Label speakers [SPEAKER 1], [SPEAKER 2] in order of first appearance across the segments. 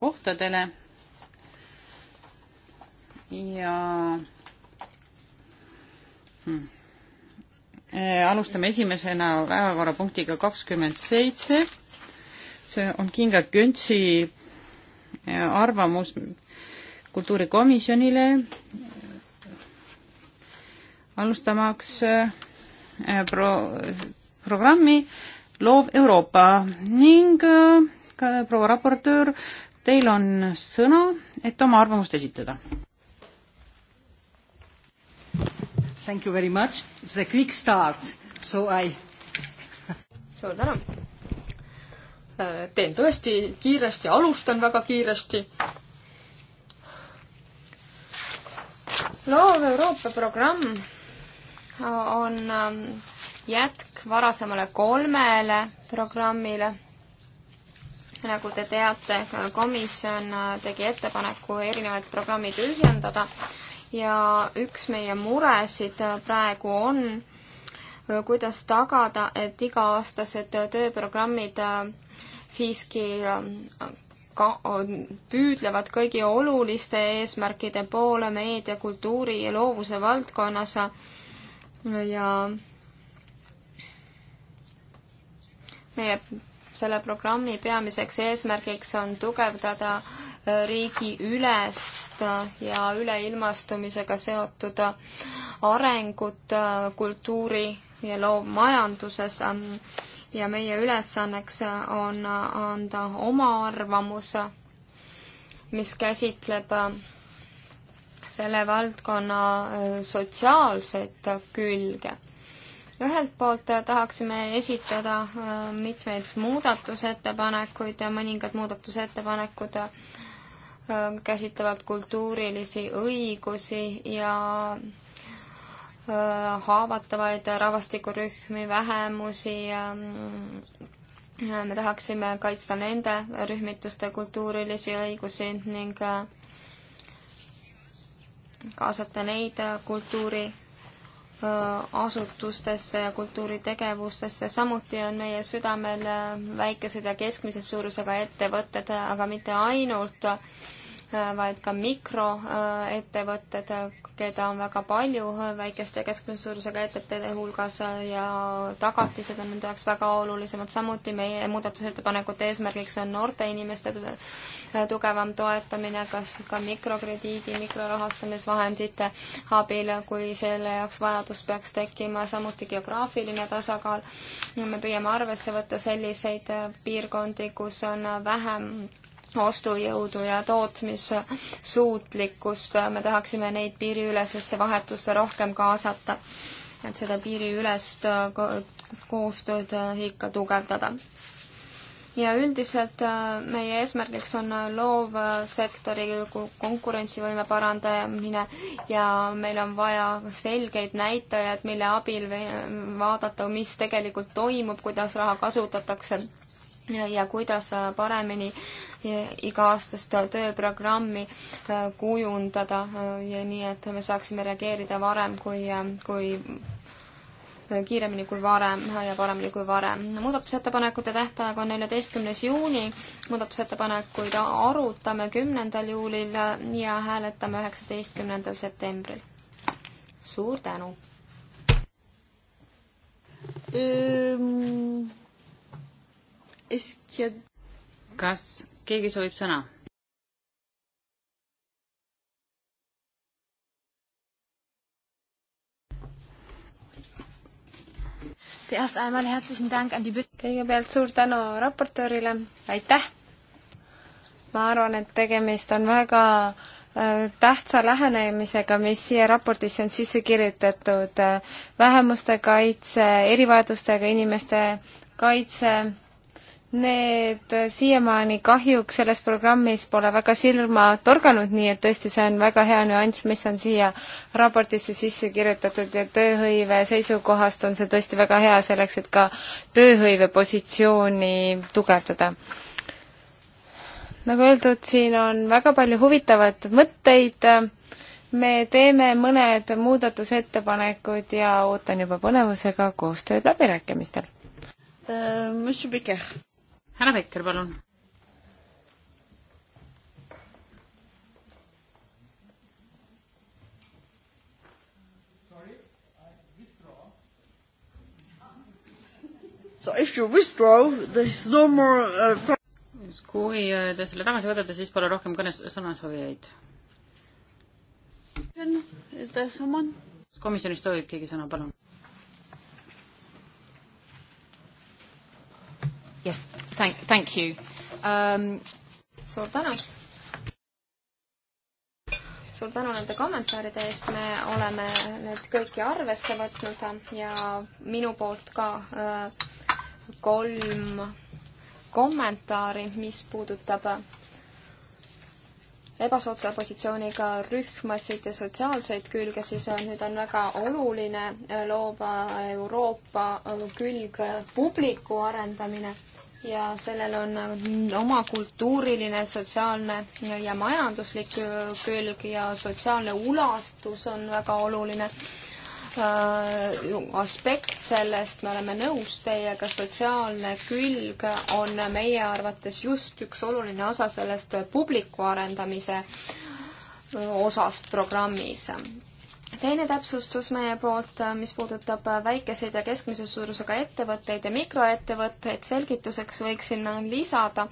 [SPEAKER 1] kohtadele ja hmm. E, alustame esimesena päevakorrapunktiga kakskümmend seitse. see on Kinga Küntsi e, arvamus kultuurikomisjonile alustamaks e, pro-, programmi Loov Euroopa ning ka proua raportöör Teil on sõna, et oma arvamust esitada.
[SPEAKER 2] Thank you very much. It was a quick start, so I suur tänu! teen tõesti kiiresti, alustan väga kiiresti. loov Euroopa programm on ähm, jätk varasemale kolmele programmile nagu te teate, komisjon tegi ettepaneku erinevad programmid ühendada ja üks meie muresid praegu on, kuidas tagada, et iga-aastased tööprogrammid siiski ka püüdlevad kõigi oluliste eesmärkide poole meedia, kultuuri ja loovuse valdkonnas ja meie selle programmi peamiseks eesmärgiks on tugevdada äh, riigiülest äh, ja üleilmastumisega seotud äh, arengut kultuuri ja loovmajanduses ähm, ja meie ülesanneks on anda oma arvamus, mis käsitleb selle valdkonna sotsiaalset külge ühelt poolt äh, tahaksime esitada äh, mitmeid muudatusettepanekuid ja mõningad muudatusettepanekud äh, käsitlevad kultuurilisi õigusi ja haavatavaid rahvastikurühmi, vähemusi ja mm, me tahaksime kaitsta nende rühmituste kultuurilisi õigusi ning kaasata neid kultuuri asutustesse ja kultuuritegevustesse, samuti on meie südamel väikesed ja keskmised suurusega ettevõtted, aga mitte ainult Äh, vaid ka mikroettevõtted, keda on väga palju väikeste ja keskmise suurusega ettevõtete hulgas ja tagatised on nende jaoks väga olulisemad. samuti meie muudatusettepanekute eesmärgiks on noorte inimeste tugevam toetamine, kas ka mikrokrediidi, mikrorahastamisvahendite abil, kui selle jaoks vajadus peaks tekkima, samuti geograafiline tasakaal. me püüame arvesse võtta selliseid piirkondi, kus on vähem ostujõudu ja tootmissuutlikkust, me tahaksime neid piiriülesesse vahetusse rohkem kaasata, et seda piiriülest koostööd ikka tugevdada. ja üldiselt äh, meie eesmärgiks on loovsektori konkurentsivõime parandamine ja meil on vaja selgeid näitajaid, mille abil vaadata, mis tegelikult toimub, kuidas raha kasutatakse ja kuidas äh, paremini iga-aastast äh, tööprogrammi äh, kujundada ja nii, et me saaksime reageerida varem kui, kui kiiremini kui varem ja paremini kui varem. muudatusettepanekute tähtaeg on neljateistkümnes juuni, muudatusettepanekuid arutame kümnendal juulil ja hääletame üheksateistkümnendal septembril. suur tänu!
[SPEAKER 1] kas keegi soovib sõna?
[SPEAKER 3] Zuerst einmal herzlichen Dank an die Bitte. kõigepealt suur tänu raportöörile, aitäh! ma arvan, et tegemist on väga äh, tähtsa lähenemisega, mis siia raportisse on sisse kirjutatud, vähemuste kaitse, erivajadustega inimeste kaitse Need siiamaani kahjuks selles programmis pole väga silma torganud, nii et tõesti, see on väga hea nüanss, mis on siia raportisse sisse kirjutatud ja tööhõive seisukohast on see tõesti väga hea selleks, et ka tööhõive positsiooni tugevdada nagu öeldud, siin on väga palju huvitavaid mõtteid. me teeme mõned muudatusettepanekud ja ootan juba põnevusega koostööd läbirääkimistel.
[SPEAKER 1] Äh, Monsieur Becker härra Vekker, palun. So if you withdraw, there is no more uh, kui äh, te selle tagasi võtate, siis pole rohkem kõnes sõnasoovijaid. komisjonist soovib keegi sõna, palun.
[SPEAKER 2] Yes, thank, thank you um.... suur tänu. suur tänu nende kommentaaride eest, me oleme need kõiki arvesse võtnud ja minu poolt ka äh, kolm kommentaari, mis puudutab äh, ebasoodsa positsiooniga rühmasid ja sotsiaalseid külge, siis on, äh, nüüd on väga oluline äh, loova Euroopa külg publiku arendamine ja sellel on oma kultuuriline, sotsiaalne ja majanduslik külg ja sotsiaalne ulatus on väga oluline äh, aspekt sellest, me oleme nõus teiega, sotsiaalne külg on meie arvates just üks oluline osa sellest publiku arendamise osast programmis teine täpsustus meie poolt, äh, mis puudutab äh, väikeseid ja keskmise suurusega ettevõtteid ja mikroettevõtteid, selgituseks võiksin äh, lisada,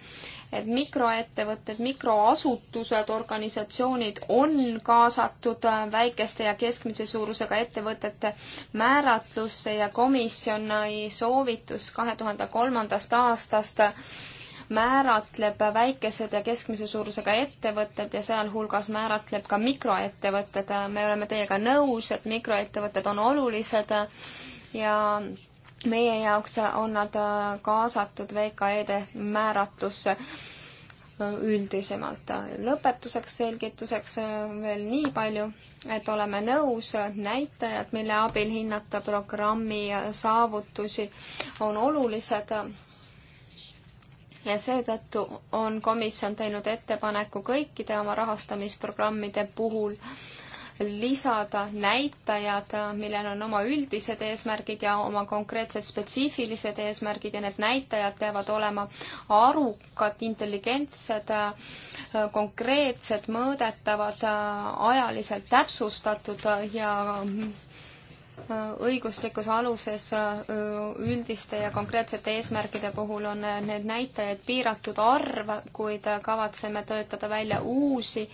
[SPEAKER 2] et mikroettevõtted, mikroasutused, organisatsioonid on kaasatud väikeste ja keskmise suurusega ettevõtete määratlusse ja komisjoni soovitus kahe tuhande kolmandast aastast määratleb väikesed ja keskmise suurusega ettevõtted ja sealhulgas määratleb ka mikroettevõtted. me oleme teiega nõus, et mikroettevõtted on olulised ja meie jaoks on nad kaasatud VKE-de määratlusse üldisemalt. lõpetuseks selgituseks veel nii palju, et oleme nõus, näitajad, mille abil hinnata programmi saavutusi, on olulised ja seetõttu on komisjon teinud ettepaneku kõikide oma rahastamisprogrammide puhul lisada näitajad, millel on oma üldised eesmärgid ja oma konkreetsed spetsiifilised eesmärgid ja need näitajad peavad olema arukad, intelligentsed, konkreetsed, mõõdetavad, ajaliselt täpsustatud ja õiguslikus aluses äh, üldiste ja konkreetsete eesmärkide puhul on äh, need näitajad piiratud arv, kuid äh, kavatseme töötada välja uusi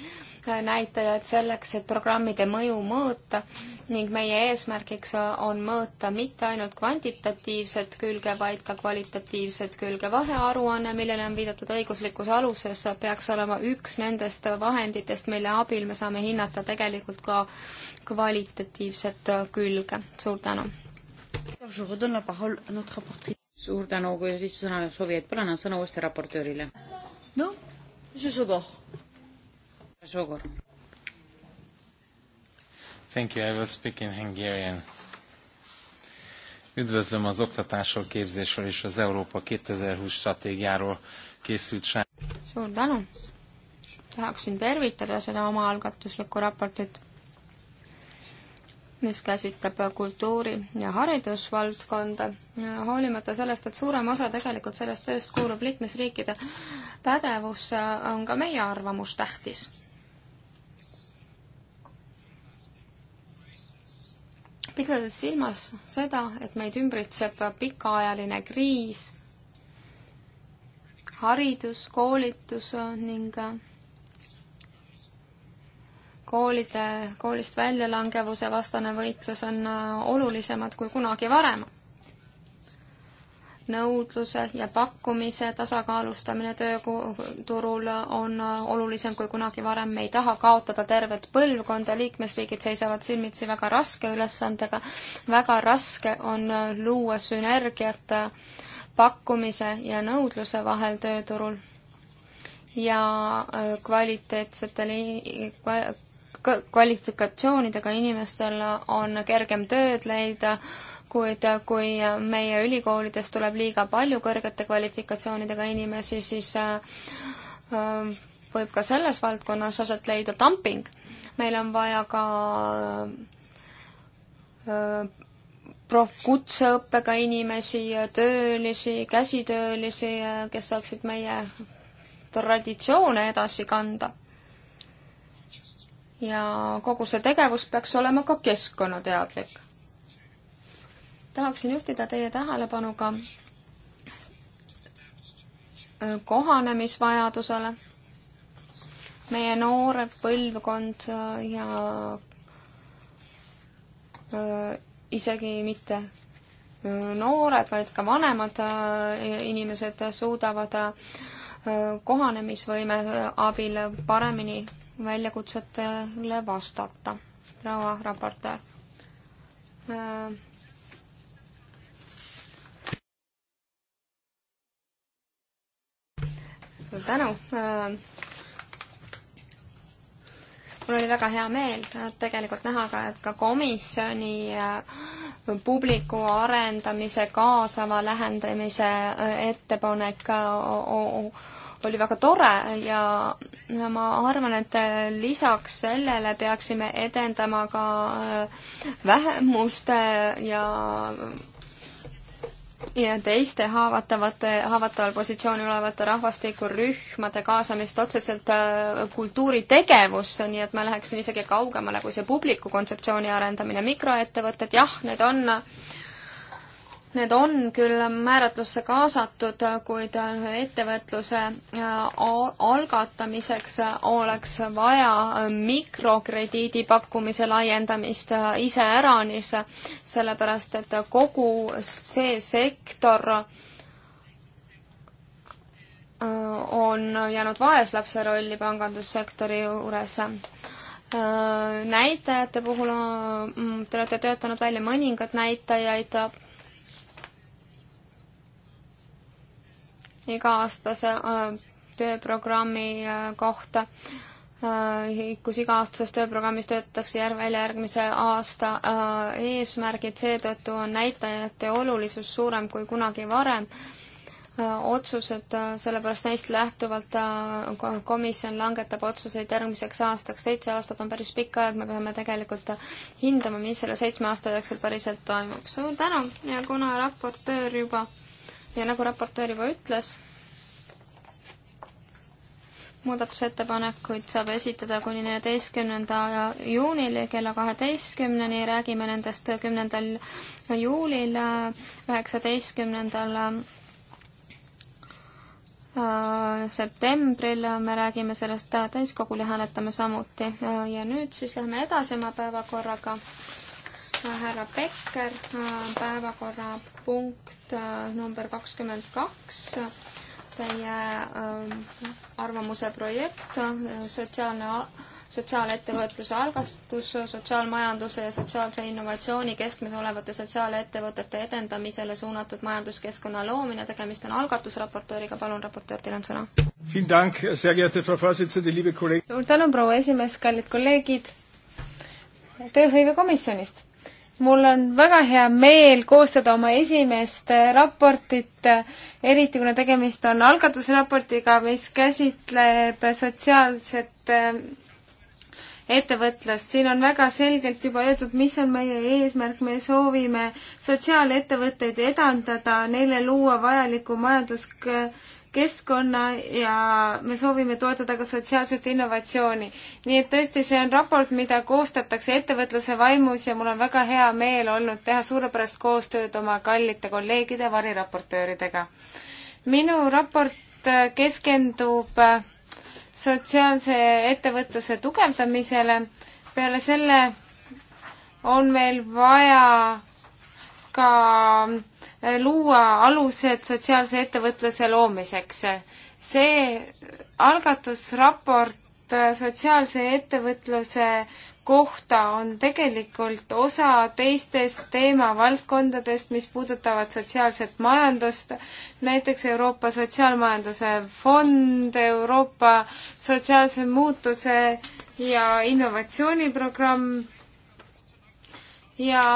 [SPEAKER 2] näitajaid selleks, et programmide mõju mõõta ning meie eesmärgiks on mõõta mitte ainult kvantitatiivset külge, vaid ka kvalitatiivset külge. vahearuanne, millele on viidatud õiguslikus aluses, peaks olema üks nendest vahenditest, mille abil me saame hinnata tegelikult ka kvalitatiivset külge. suur tänu!
[SPEAKER 1] suur tänu, kui siis sõna soovijaid pole, annan sõna uuesti raportöörile. noh, mis see Sogor? Sogor.
[SPEAKER 2] Thank you, I will speak
[SPEAKER 1] in Hungarian. Üdvözlöm az oktatásról, képzésről és az Európa 2020 stratégiáról készült sár...
[SPEAKER 2] Suur tänu! Tahaksin tervitada seda omaalgatuslikku raportit mis käsitleb kultuuri- ja haridusvaldkonda, hoolimata sellest, et suurem osa tegelikult sellest tööst kuulub liikmesriikide pädevusse, on ka meie arvamus tähtis. pidades silmas seda, et meid ümbritseb pikaajaline kriis, haridus, koolitus ning koolide, koolist väljalangevuse vastane võitlus on äh, olulisemad kui kunagi varem. nõudluse ja pakkumise tasakaalustamine tööturul on äh, olulisem kui kunagi varem, me ei taha kaotada tervet põlvkonda, liikmesriigid seisavad silmitsi väga raske ülesandega, väga raske on äh, luua sünergiat pakkumise ja nõudluse vahel tööturul ja kvaliteetsete kvalifikatsioonidega inimestel on kergem tööd leida, kuid kui meie ülikoolides tuleb liiga palju kõrgete kvalifikatsioonidega inimesi, siis äh, võib ka selles valdkonnas aset leida dumping. meil on vaja ka äh, prof-, kutseõppega inimesi, töölisi, käsitöölisi, äh, kes saaksid meie traditsioone edasi kanda ja kogu see tegevus peaks olema ka keskkonnateadlik. tahaksin juhtida teie tähelepanu ka kohanemisvajadusele. meie noor põlvkond ja äh, isegi mitte äh, noored, vaid ka vanemad äh, inimesed suudavad kohanemisvõime abil paremini väljakutsetele vastata, proua raportöör. Äh, suur tänu äh, mul oli väga hea meel äh, tegelikult näha ka, et ka komisjoni publiku arendamise, kaasava lähendamise ettepanek oli väga tore ja ma arvan, et lisaks sellele peaksime edendama ka äh, vähemuste ja ja teiste haavatavate, haavataval positsioonil olevate rahvastikurühmade kaasamist otseselt äh, kultuuritegevusse, nii et ma läheksin isegi kaugemale kui see publiku kontseptsiooni arendamine. mikroettevõtted, jah, need on äh, Need on küll määratlusse kaasatud, kuid ettevõtluse äh, algatamiseks äh, oleks vaja äh, mikrokrediidi pakkumise laiendamist iseäranis, sellepärast et kogu see sektor on jäänud vaeslapse rolli pangandussektori juures näitajate puhul te olete töötanud välja mõningad näitajaid iga-aastase äh, tööprogrammi äh, kohta, äh, kus iga-aastases tööprogrammis töötatakse järg, välja järgmise aasta eesmärgid, seetõttu on näitajate olulisus suurem kui kunagi varem. otsused, sellepärast neist lähtuvalt komisjon langetab otsuseid järgmiseks aastaks, seitse aastat on päris pikk aeg, me peame tegelikult hindama, mis selle seitsme aasta jooksul päriselt toimub. suur tänu ja kuna raportöör juba ja nagu raportöör juba ütles, muudatusettepanekuid saab esitada kuni neljateistkümnenda juunil kella kaheteistkümneni, räägime nendest kümnendal juulil, üheksateistkümnendal äh, septembril me räägime sellest täiskogul ja hääletame samuti. Äh, ja nüüd siis lähme edasi oma päevakorraga. Äh, härra Becker, päevakorra punkt äh, number kakskümmend kaks, teie ähm, arvamuse projekt, äh, sotsiaalne, sotsiaalettevõtluse algastus sotsiaalmajanduse ja sotsiaalse innovatsiooni keskmes olevate sotsiaalettevõtete edendamisele suunatud majanduskeskkonna loomine,
[SPEAKER 3] tegemist on algatusraportööriga, palun, raportöör, teil on sõna. suur tänu, proua esimees, kallid kolleegid tööhõivekomisjonist mul on väga hea meel koostada oma esimest raportit, eriti kuna tegemist on algatusraportiga, mis käsitleb sotsiaalset eh, ettevõtlust, siin on väga selgelt juba öeldud, mis on meie eesmärk, me soovime sotsiaalettevõtteid edendada, neile luua vajalikku majandusk-, keskkonna ja me soovime toetada ka sotsiaalset innovatsiooni. nii et tõesti, see on raport, mida koostatakse ettevõtluse vaimus ja mul on väga hea meel olnud teha suurepärast koostööd oma kallite kolleegide, variraportööridega. minu raport äh, keskendub äh, sotsiaalse ettevõtluse tugevdamisele, peale selle on meil vaja ka luua alused sotsiaalse ettevõtluse loomiseks. see algatusraport sotsiaalse ettevõtluse kohta on tegelikult osa teistest teemavaldkondadest, mis puudutavad sotsiaalset majandust, näiteks Euroopa Sotsiaalmajanduse Fond, Euroopa Sotsiaalse Muutuse ja Innovatsiooniprogramm ja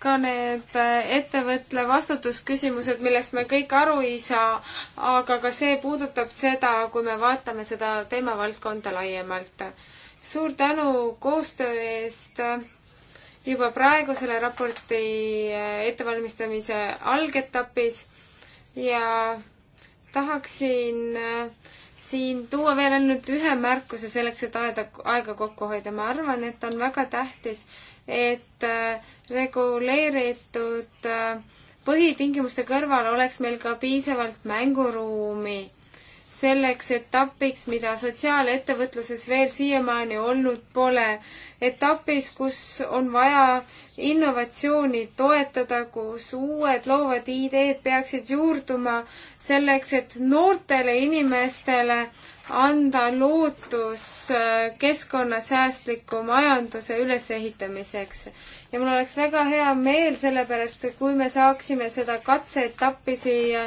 [SPEAKER 3] ka need äh, ettevõtle vastutusküsimused, millest me kõik aru ei saa, aga ka see puudutab seda, kui me vaatame seda teemavaldkonda laiemalt. suur tänu koostöö eest juba praegu selle raporti äh, ettevalmistamise algetapis ja tahaksin äh, siin tuua veel ainult ühe märkuse selleks, et aeda, aega kokku hoida. ma arvan, et on väga tähtis, et reguleeritud äh, põhitingimuste kõrval oleks meil ka piisavalt mänguruumi selleks etapiks, mida sotsiaalettevõtluses veel siiamaani olnud pole etapis, kus on vaja innovatsiooni toetada, kus uued loovad ideed peaksid juurduma selleks, et noortele inimestele anda lootus äh, keskkonnasäästliku majanduse ülesehitamiseks. ja mul oleks väga hea meel sellepärast, kui me saaksime seda katseetappi siia,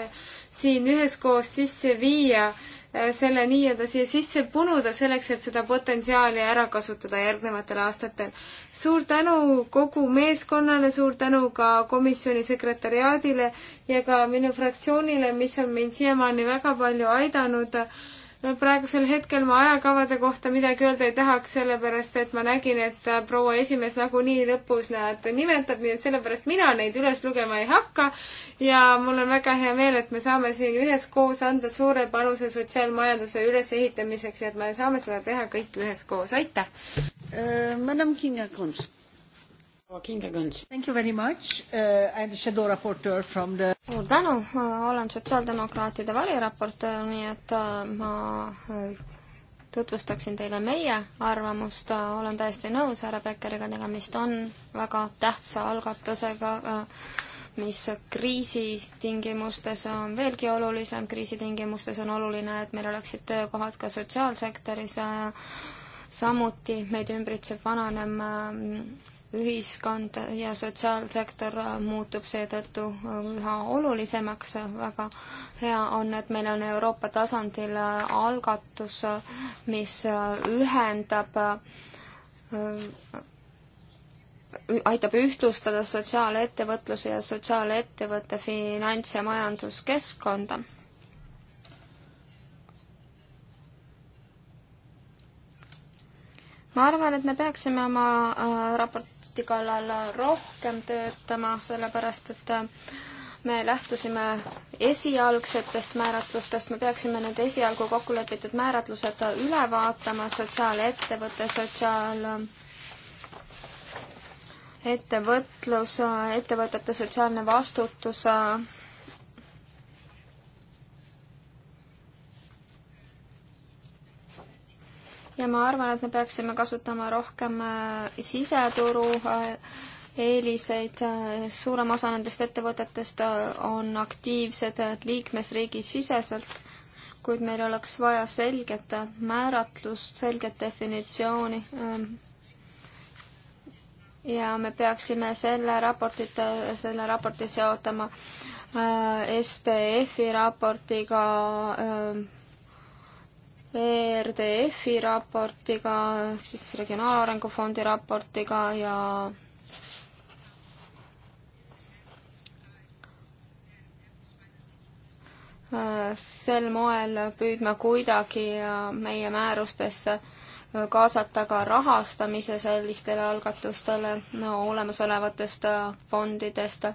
[SPEAKER 3] siin üheskoos sisse viia Äh, selle nii-öelda siia sisse punuda, selleks et seda potentsiaali ära kasutada järgnevatel aastatel. suur tänu kogu meeskonnale, suur tänu ka komisjoni sekretäriaadile ja ka minu fraktsioonile, mis on mind siiamaani väga palju aidanud äh, praegusel hetkel ma ajakavade kohta midagi öelda ei tahaks, sellepärast et ma nägin, et äh, proua esimees nagunii lõpus nad nimetab, nii et sellepärast mina neid üles lugema ei hakka. ja mul on väga hea meel, et me saame siin üheskoos anda suure panuse sotsiaalmajanduse ülesehitamiseks ja et me saame seda teha kõik üheskoos, aitäh! Äh, Madam Kinga Kunst
[SPEAKER 1] Thank
[SPEAKER 2] you very much uh,, I am the shadow raporteur from the suur tänu, olen sotsiaaldemokraatide variraportöör, nii et uh, ma uh, tutvustaksin teile meie arvamust, uh, olen täiesti nõus härra Pekkeriga, tegemist on väga tähtsa algatusega, uh, mis kriisitingimustes on veelgi olulisem, kriisitingimustes on oluline, et meil oleksid töökohad ka sotsiaalsektoris, uh, samuti meid ümbritseb vananev um, ühiskond ja sotsiaalsektor muutub seetõttu üha olulisemaks. väga hea on, et meil on Euroopa tasandil algatus, mis ühendab aitab ühtlustada sotsiaalettevõtluse ja sotsiaalettevõtte finants- ja majanduskeskkonda ma arvan, et me peaksime oma äh, raport, kvaliteeti kallal rohkem töötama, sellepärast et äh, me lähtusime esialgsetest määratlustest, me peaksime need esialgu kokku lepitud määratlused üle vaatama, sotsiaalettevõte, sotsiaal äh, ettevõtlus, äh, ettevõtete sotsiaalne vastutus ja ma arvan, et me peaksime kasutama rohkem äh, siseturu äh, eeliseid, äh, suurem osa nendest ettevõtetest on aktiivsed liikmesriigi siseselt, kuid meil oleks vaja selget määratlust, selget definitsiooni. Ähm, ja me peaksime selle raportit, selle raporti seotama STF-i raportiga ähm, ERDF-i raportiga, siis Regionaalarengu Fondi raportiga ja äh, sel moel püüdma kuidagi äh, meie määrustesse äh, kaasata ka rahastamise sellistele algatustele no, olemasolevatest fondidest,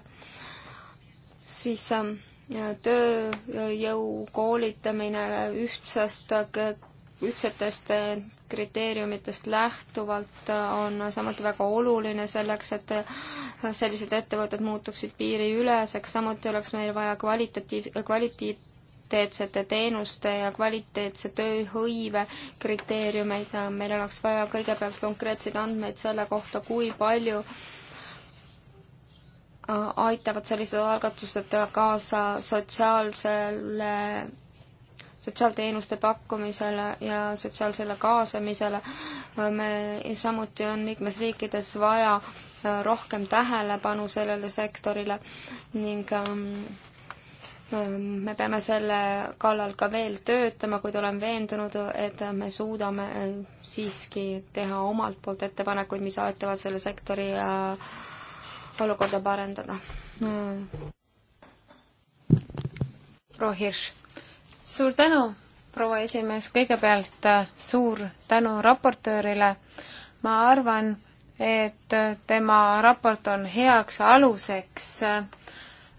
[SPEAKER 2] siis ähm, tööjõu koolitamine ühtsast, ühtsetest kriteeriumitest lähtuvalt on samuti väga oluline selleks, et sellised ettevõtted muutuksid piiriüleseks, samuti oleks meil vaja kvalitatiiv, kvaliteet, kvaliteetsete teenuste ja kvaliteetse tööhõive kriteeriumeid, meil oleks vaja kõigepealt konkreetseid andmeid selle kohta, kui palju äh, Äh, aitavad sellised algatused kaasa sotsiaalsele, sotsiaalteenuste pakkumisele ja sotsiaalsele kaasamisele. me, samuti on liikmesriikides vaja äh, rohkem tähelepanu sellele sektorile ning ähm, äh, me peame selle kallal ka veel töötama, kuid olen veendunud, et me suudame siiski teha omalt poolt ettepanekuid, mis aitavad selle sektori ja äh, olukorda parendada no..
[SPEAKER 3] proua Hirš. suur tänu, proua esimees, kõigepealt äh, suur tänu raportöörile. ma arvan, et tema raport on heaks aluseks äh,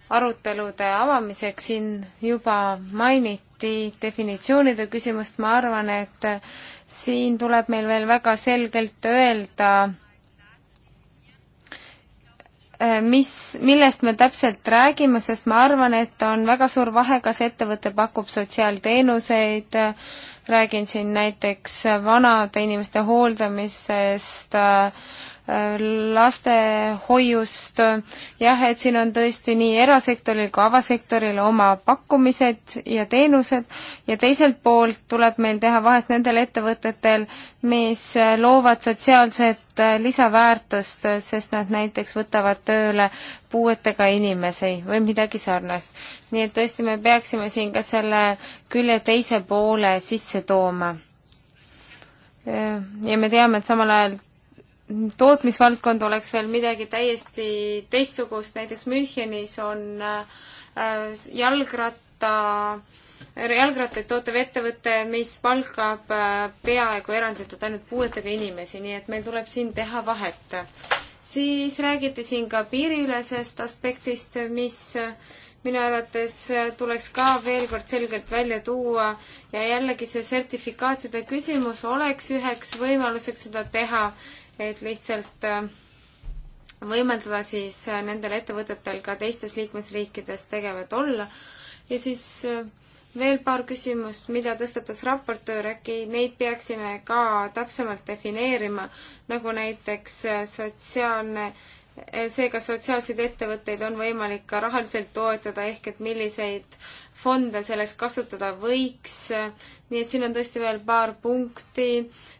[SPEAKER 3] arutelude avamiseks, siin juba mainiti definitsioonide küsimust, ma arvan, et äh, siin tuleb meil veel väga selgelt öelda, Äh, mis, millest me täpselt räägime, sest ma arvan, et on väga suur vahe, kas ettevõte pakub sotsiaalteenuseid, räägin siin näiteks vanade inimeste hooldamisest äh,, lastehoiust, jah, et siin on tõesti nii erasektoril kui avasektoril oma pakkumised ja teenused ja teiselt poolt tuleb meil teha vahet nendel ettevõtetel, mis loovad sotsiaalset lisaväärtust, sest nad näiteks võtavad tööle puuetega inimesi või midagi sarnast. nii et tõesti, me peaksime siin ka selle külje teise poole sisse tooma. ja me teame, et samal ajal tootmisvaldkond oleks veel midagi täiesti teistsugust, näiteks Münchenis on äh, jalgratta, jalgrattaid tootev ettevõte, mis palkab äh, peaaegu eranditult ainult puuetega inimesi, nii et meil tuleb siin teha vahet. siis räägiti siin ka piiriülesest aspektist, mis äh, minu arvates tuleks ka veel kord selgelt välja tuua ja jällegi see sertifikaatide küsimus oleks üheks võimaluseks seda teha et lihtsalt äh, võimaldada siis äh, nendel ettevõtetel ka teistes liikmesriikides tegevad olla. ja siis äh, veel paar küsimust, mida tõstatas raportöör, äkki neid peaksime ka täpsemalt defineerima, nagu näiteks sotsiaalne seega sotsiaalseid ettevõtteid on võimalik ka rahaliselt toetada, ehk et milliseid fonde selleks kasutada võiks. nii et siin on tõesti veel paar punkti,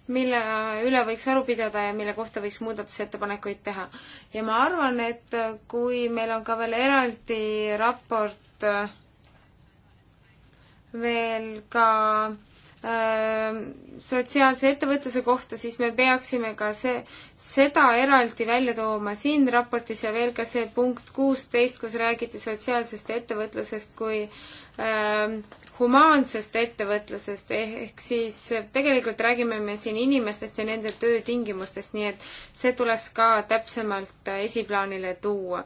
[SPEAKER 3] mille üle võiks aru pidada ja mille kohta võiks muudatusettepanekuid teha. ja ma arvan, et kui meil on ka veel eraldi raport veel ka Äh, sotsiaalse ettevõtluse kohta, siis me peaksime ka see, seda eraldi välja tooma siin raportis ja veel ka see punkt kuusteist, kus räägiti sotsiaalsest ettevõtlusest kui Ähm, humaansest ettevõtlusest, ehk siis tegelikult räägime me siin inimestest ja nende töötingimustest, nii et see tuleks ka täpsemalt äh, esiplaanile tuua.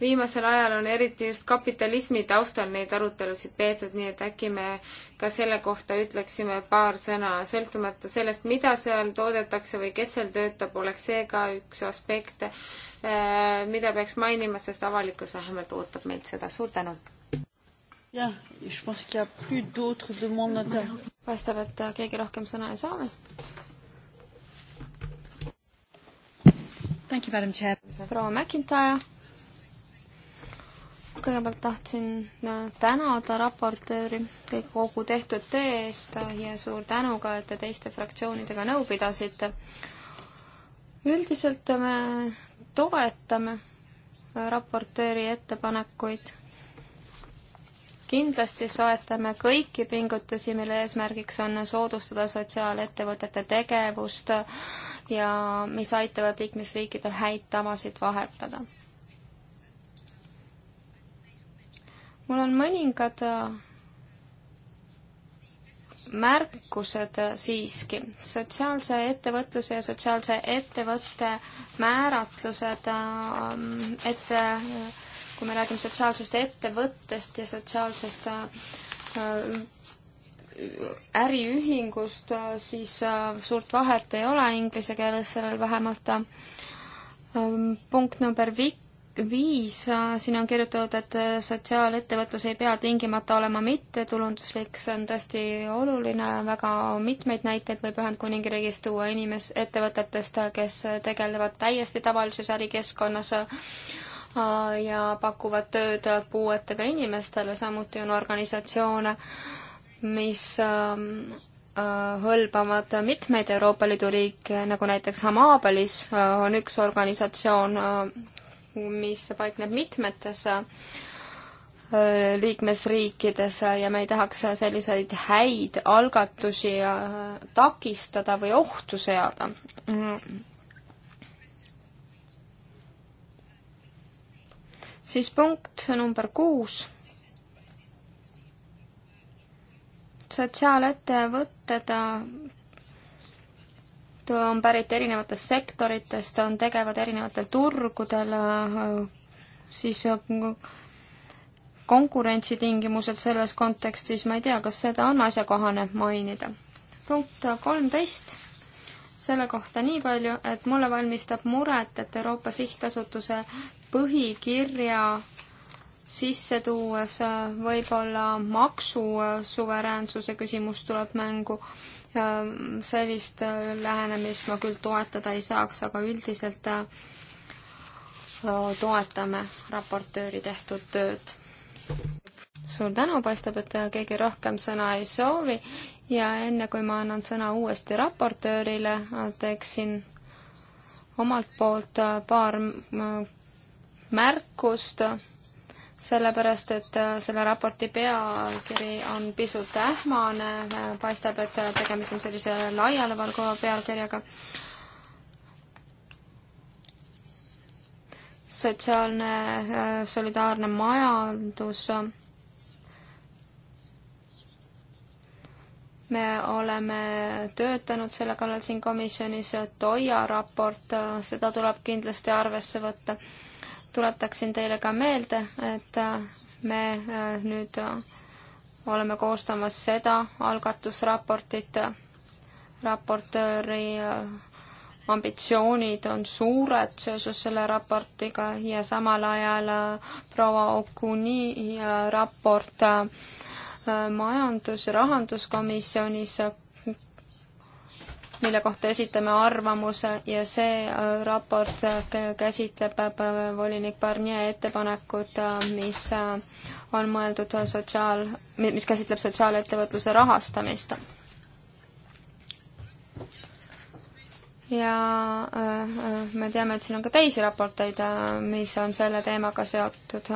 [SPEAKER 3] viimasel ajal on eriti just kapitalismi taustal neid arutelusid peetud, nii et äkki me ka selle kohta ütleksime paar sõna, sõltumata sellest, mida seal toodetakse või kes seal töötab, oleks see ka üks aspekte, äh, mida peaks mainima, sest avalikkus vähemalt ootab meilt seda. suur tänu!
[SPEAKER 2] paistab, et äh, keegi rohkem sõna ei soovi. proua McIntyre. kõigepealt tahtsin äh, tänada raportööri kõik kogu tehtud tee eest ja suur tänu ka, et te teiste fraktsioonidega nõu pidasite. üldiselt me toetame raportööri ettepanekuid kindlasti soetame kõiki pingutusi, mille eesmärgiks on soodustada sotsiaalettevõtete tegevust ja mis aitavad liikmesriikidel häid tavasid vahetada. mul on mõningad äh, märkused siiski. sotsiaalse ettevõtluse ja sotsiaalse ettevõtte määratlused äh, ette äh, kui me räägime sotsiaalsest ettevõttest ja sotsiaalsest äh, äriühingust, siis äh, suurt vahet ei ole inglise keeles sellel vähemalt. Ähm, punkt number vi-, viis, äh, siin on kirjutatud, et sotsiaalettevõtlus ei pea tingimata olema mittetulunduslik, see on tõesti oluline, väga mitmeid näiteid võib Ühendkuningriigis tuua inimes-, ettevõtetest, kes tegelevad täiesti tavalises ärikeskkonnas Äh, ja pakuvad tööd puuetega inimestele, samuti on organisatsioone, mis ähm, äh, hõlbavad mitmeid Euroopa Liidu riike, nagu näiteks Hamabalis äh, on üks organisatsioon, mis paikneb mitmetes liikmesriikides ja me ei tahaks selliseid häid algatusi takistada või ohtu seada. Mm. siis punkt number kuus. sotsiaalettevõtted äh, on pärit erinevatest sektoritest, on tegevad erinevatel turgudel, äh, siis äh, konkurentsitingimused selles kontekstis, ma ei tea, kas seda on asjakohane mainida. punkt kolmteist, selle kohta nii palju, et mulle valmistab muret, et Euroopa Sihtasutuse põhikirja sisse tuues võib-olla maksusuveräänsuse küsimus tuleb mängu. sellist lähenemist ma küll toetada ei saaks, aga üldiselt äh, toetame raportööri tehtud tööd. suur tänu, paistab, et keegi rohkem sõna ei soovi ja enne kui ma annan sõna uuesti raportöörile, teeksin omalt poolt paar märkust, sellepärast et äh, selle raporti pealkiri on pisut ähmane, äh, paistab, et tegemist on sellise laialivalguva pealkirjaga. sotsiaalne äh, solidaarne majandus me oleme töötanud selle kallal siin komisjonis, Toia raport, seda tuleb kindlasti arvesse võtta tuletaksin teile ka meelde, et äh, me äh, nüüd äh, oleme koostamas seda algatusraportit. raportööri ambitsioonid on suured seoses selle raportiga ja samal ajal proua Okuni raport majandus- ja rahanduskomisjonis mille kohta esitame arvamuse ja see äh, raport äh, käsitleb äh, volinik Barnier ettepanekut, mis on mõeldud sotsiaal, mis käsitleb sotsiaalettevõtluse rahastamist. ja me teame, et siin on ka teisi raporteid, mis on selle teemaga seotud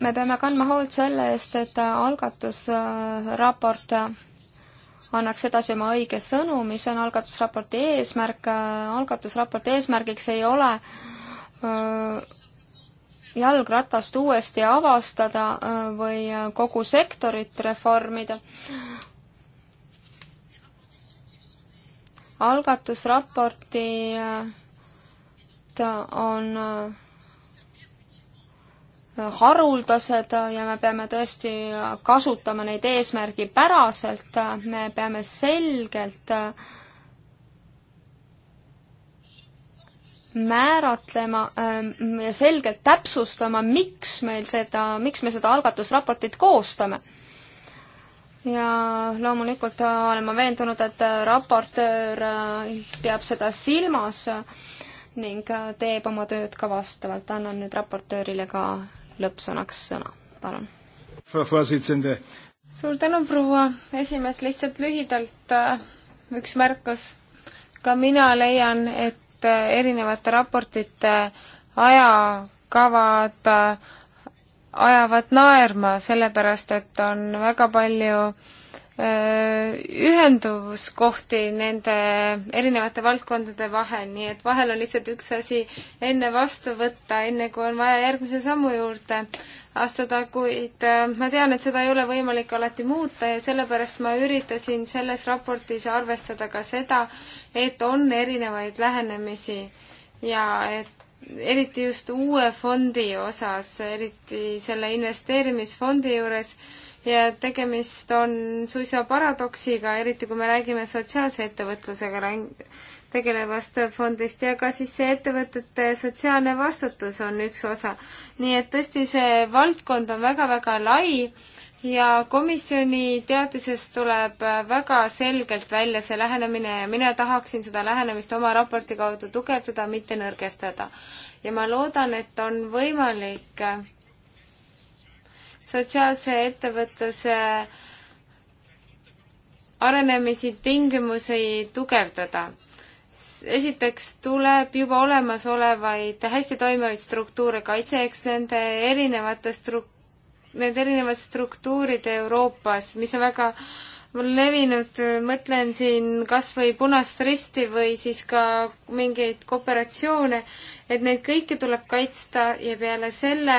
[SPEAKER 2] me peame kandma hoolt selle eest, et algatusraport äh, annaks edasi oma õige sõnumi, see on algatusraporti eesmärk, algatusraporti eesmärgiks ei ole öö, äh, jalgratast uuesti avastada öö, äh, või äh, kogu sektorit reformida. algatusraporti on öö, haruldased ja me peame tõesti kasutama neid eesmärgipäraselt, me peame selgelt määratlema ähm, ja selgelt täpsustama, miks meil seda, miks me seda algatusraportit koostame. ja loomulikult olen ma veendunud, et raportöör äh, peab seda silmas ning äh, teeb oma tööd ka vastavalt. annan nüüd raportöörile ka lõppsõnaks sõna,
[SPEAKER 3] palun. suur tänu, proua esimees, lihtsalt lühidalt äh, üks märkus. ka mina leian, et äh, erinevate raportite ajakavad äh, ajavad naerma, sellepärast et on väga palju äh, Äh, ühenduskohti nende erinevate valdkondade vahel, nii et vahel on lihtsalt üks asi enne vastu võtta, enne kui on vaja järgmise sammu juurde astuda, kuid äh, ma tean, et seda ei ole võimalik alati muuta ja sellepärast ma üritasin selles raportis arvestada ka seda, et on erinevaid lähenemisi ja et eriti just uue fondi osas, eriti selle investeerimisfondi juures, ja tegemist on suisa paradoksiga, eriti kui me räägime sotsiaalse ettevõtlusega tegelevast fondist ja ka siis see ettevõtete sotsiaalne vastutus on üks osa. nii et tõesti, see valdkond on väga-väga lai ja komisjoni teadises tuleb väga selgelt välja see lähenemine ja mina tahaksin seda lähenemist oma raporti kaudu tugevdada, mitte nõrgestada. ja ma loodan, et on võimalik sotsiaalse ettevõtluse arenemisi tingimusi tugevdada. esiteks tuleb juba olemasolevaid hästi toimivaid struktuure kaitse, eks nende erinevate stru-, need erinevad struktuurid Euroopas, mis on väga levinud, mõtlen siin kas või Punast Risti või siis ka mingeid kooperatsioone, et neid kõiki tuleb kaitsta ja peale selle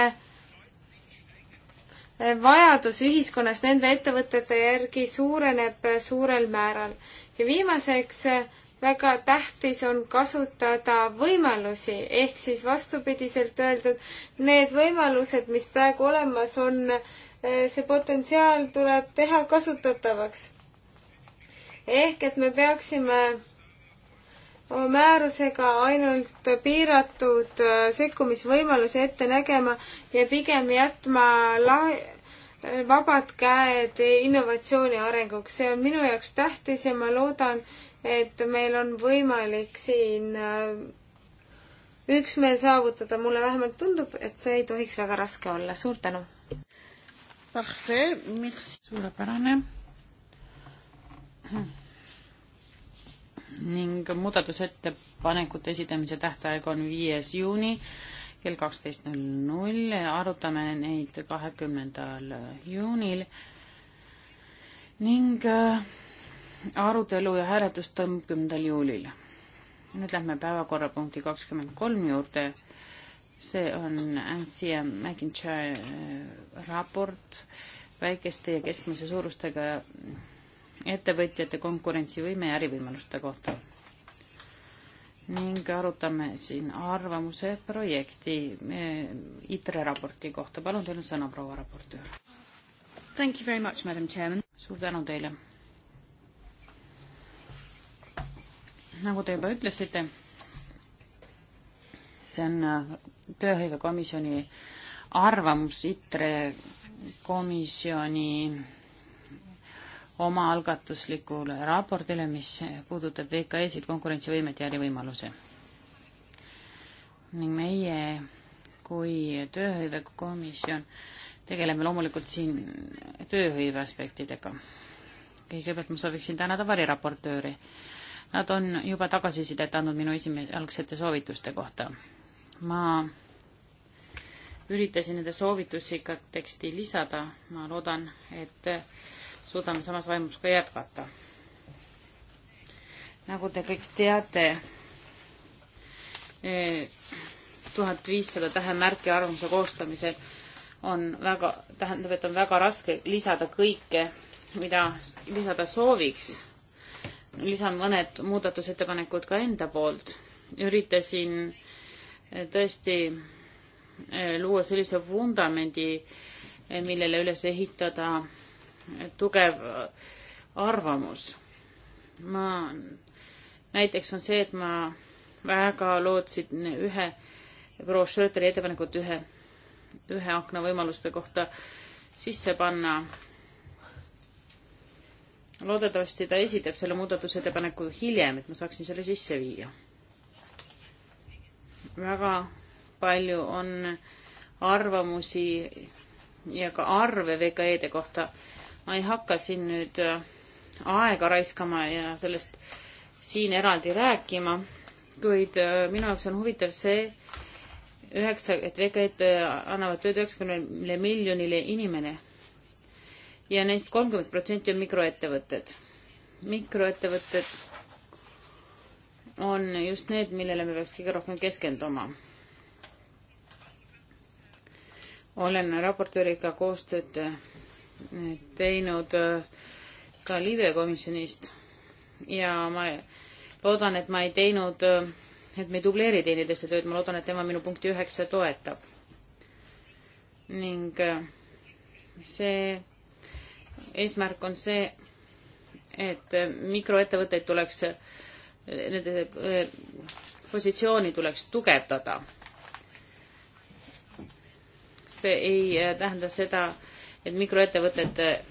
[SPEAKER 3] vajadus ühiskonnas nende ettevõtete järgi suureneb suurel määral. ja viimaseks, väga tähtis on kasutada võimalusi, ehk siis vastupidiselt öeldud, need võimalused, mis praegu olemas on, see potentsiaal tuleb teha kasutatavaks. ehk et me peaksime määrusega ainult piiratud äh, sekkumisvõimalusi ette nägema ja pigem jätma la-, vabad käed innovatsiooni arenguks. see on minu jaoks tähtis ja ma loodan, et meil on võimalik siin äh, üksmeel saavutada. mulle vähemalt tundub, et see ei tohiks väga raske olla. suur tänu!
[SPEAKER 1] suurepärane ning muudatusettepanekute esitamise tähtaeg on viies juuni kell kaksteist null null, arutame neid kahekümnendal juunil ning äh, arutelu ja hääletus toimub kümnendal juulil. nüüd lähme päevakorrapunkti kakskümmend kolm juurde. see on Anthea McIntyre äh, raport väikeste ja keskmise suurustega ettevõtjate konkurentsivõime ja ärivõimaluste kohta. ning arutame siin arvamuse projekti eh, ITRE raporti kohta. palun, teil on sõna, proua raportöör. Thank you very much, madam chairman. suur tänu teile. nagu te juba ütlesite, see on eh, tööhõivekomisjoni arvamus ITRE komisjoni omaalgatuslikule raportile, mis puudutab VKE-sid, konkurentsivõimet ja ärivõimalusi. ning meie kui tööhõivekomisjon tegeleme loomulikult siin tööhõive aspektidega. kõigepealt ma sooviksin tänada variraportööri. Nad on juba tagasisidet andnud minu esimese, algsete soovituste kohta. ma üritasin nende soovitusi ka teksti lisada, ma loodan, et suudame samas vaimus ka jätkata. nagu te kõik teate, e, tuhat viissada tähemärki arvamuse koostamisel on väga, tähendab, et on väga raske lisada kõike, mida lisada sooviks. lisan mõned muudatusettepanekud ka enda poolt. üritasin e, tõesti e, luua sellise vundamendi, millele üles ehitada tugev äh, arvamus. ma, näiteks on see, et ma väga lootsin ühe proua Schröteri ettepanekut ühe, ühe akna võimaluste kohta sisse panna. loodetavasti ta esitab selle muudatusettepaneku hiljem, et ma saaksin selle sisse viia. väga palju on arvamusi ja ka arve VKE-de kohta ma ei hakka siin nüüd äh, aega raiskama ja sellest siin eraldi rääkima, kuid äh, minu jaoks on huvitav see, üheksa, et VKE-d äh, annavad tööd üheksakümnele miljonile inimene ja neist kolmkümmend protsenti on mikroettevõtted. mikroettevõtted on just need, millele me peaks kõige rohkem keskenduma. olen raportööriga koostööd teinud äh, ka Liive komisjonist ja ma loodan, et ma ei teinud, äh, et me ei dubleeri teineteise tööd, ma loodan, et tema minu punkti üheksa toetab. ning äh, see eesmärk on see, et mikroettevõtteid tuleks, nende positsiooni tuleks tugevdada. see ei tähenda seda, et mikroettevõtted eh,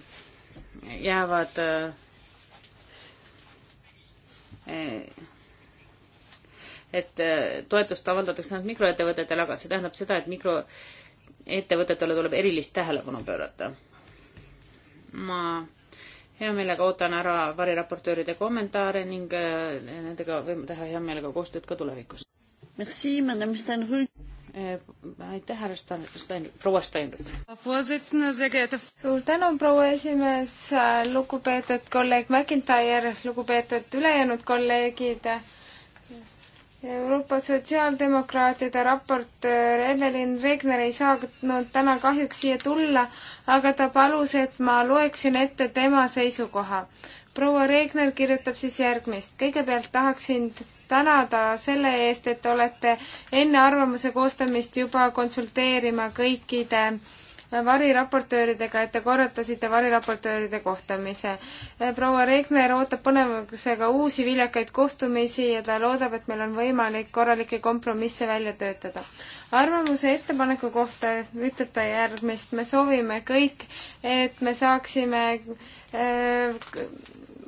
[SPEAKER 1] jäävad eh, eh, et toetust avaldatakse ainult mikroettevõtetele, aga see tähendab seda, et mikroettevõtetele tuleb erilist tähelepanu pöörata. ma hea meelega ootan ära variraportööride kommentaare ning nendega võime teha hea meelega koostööd ka tulevikus. Eh, aitäh, härra Stein, Stein, proua Steinruck.
[SPEAKER 3] suur tänu, proua esimees, lugupeetud kolleeg McIntyre, lugupeetud ülejäänud kolleegid. Euroopa sotsiaaldemokraatide raportöör Evelyn Regner ei saanud täna kahjuks siia tulla, aga ta palus, et ma loeksin ette tema seisukoha. proua Regner kirjutab siis järgmist. kõigepealt tahaksin tänada selle eest, et olete enne arvamuse koostamist juba konsulteerima kõikide variraportööridega, et te korratasite variraportööride kohtumise. proua Regner ootab põnevusega uusi viljakaid kohtumisi ja ta loodab, et meil on võimalik korralikke kompromisse välja töötada. arvamuse ettepaneku kohta ütleb ta järgmist, me soovime kõik, et me saaksime äh,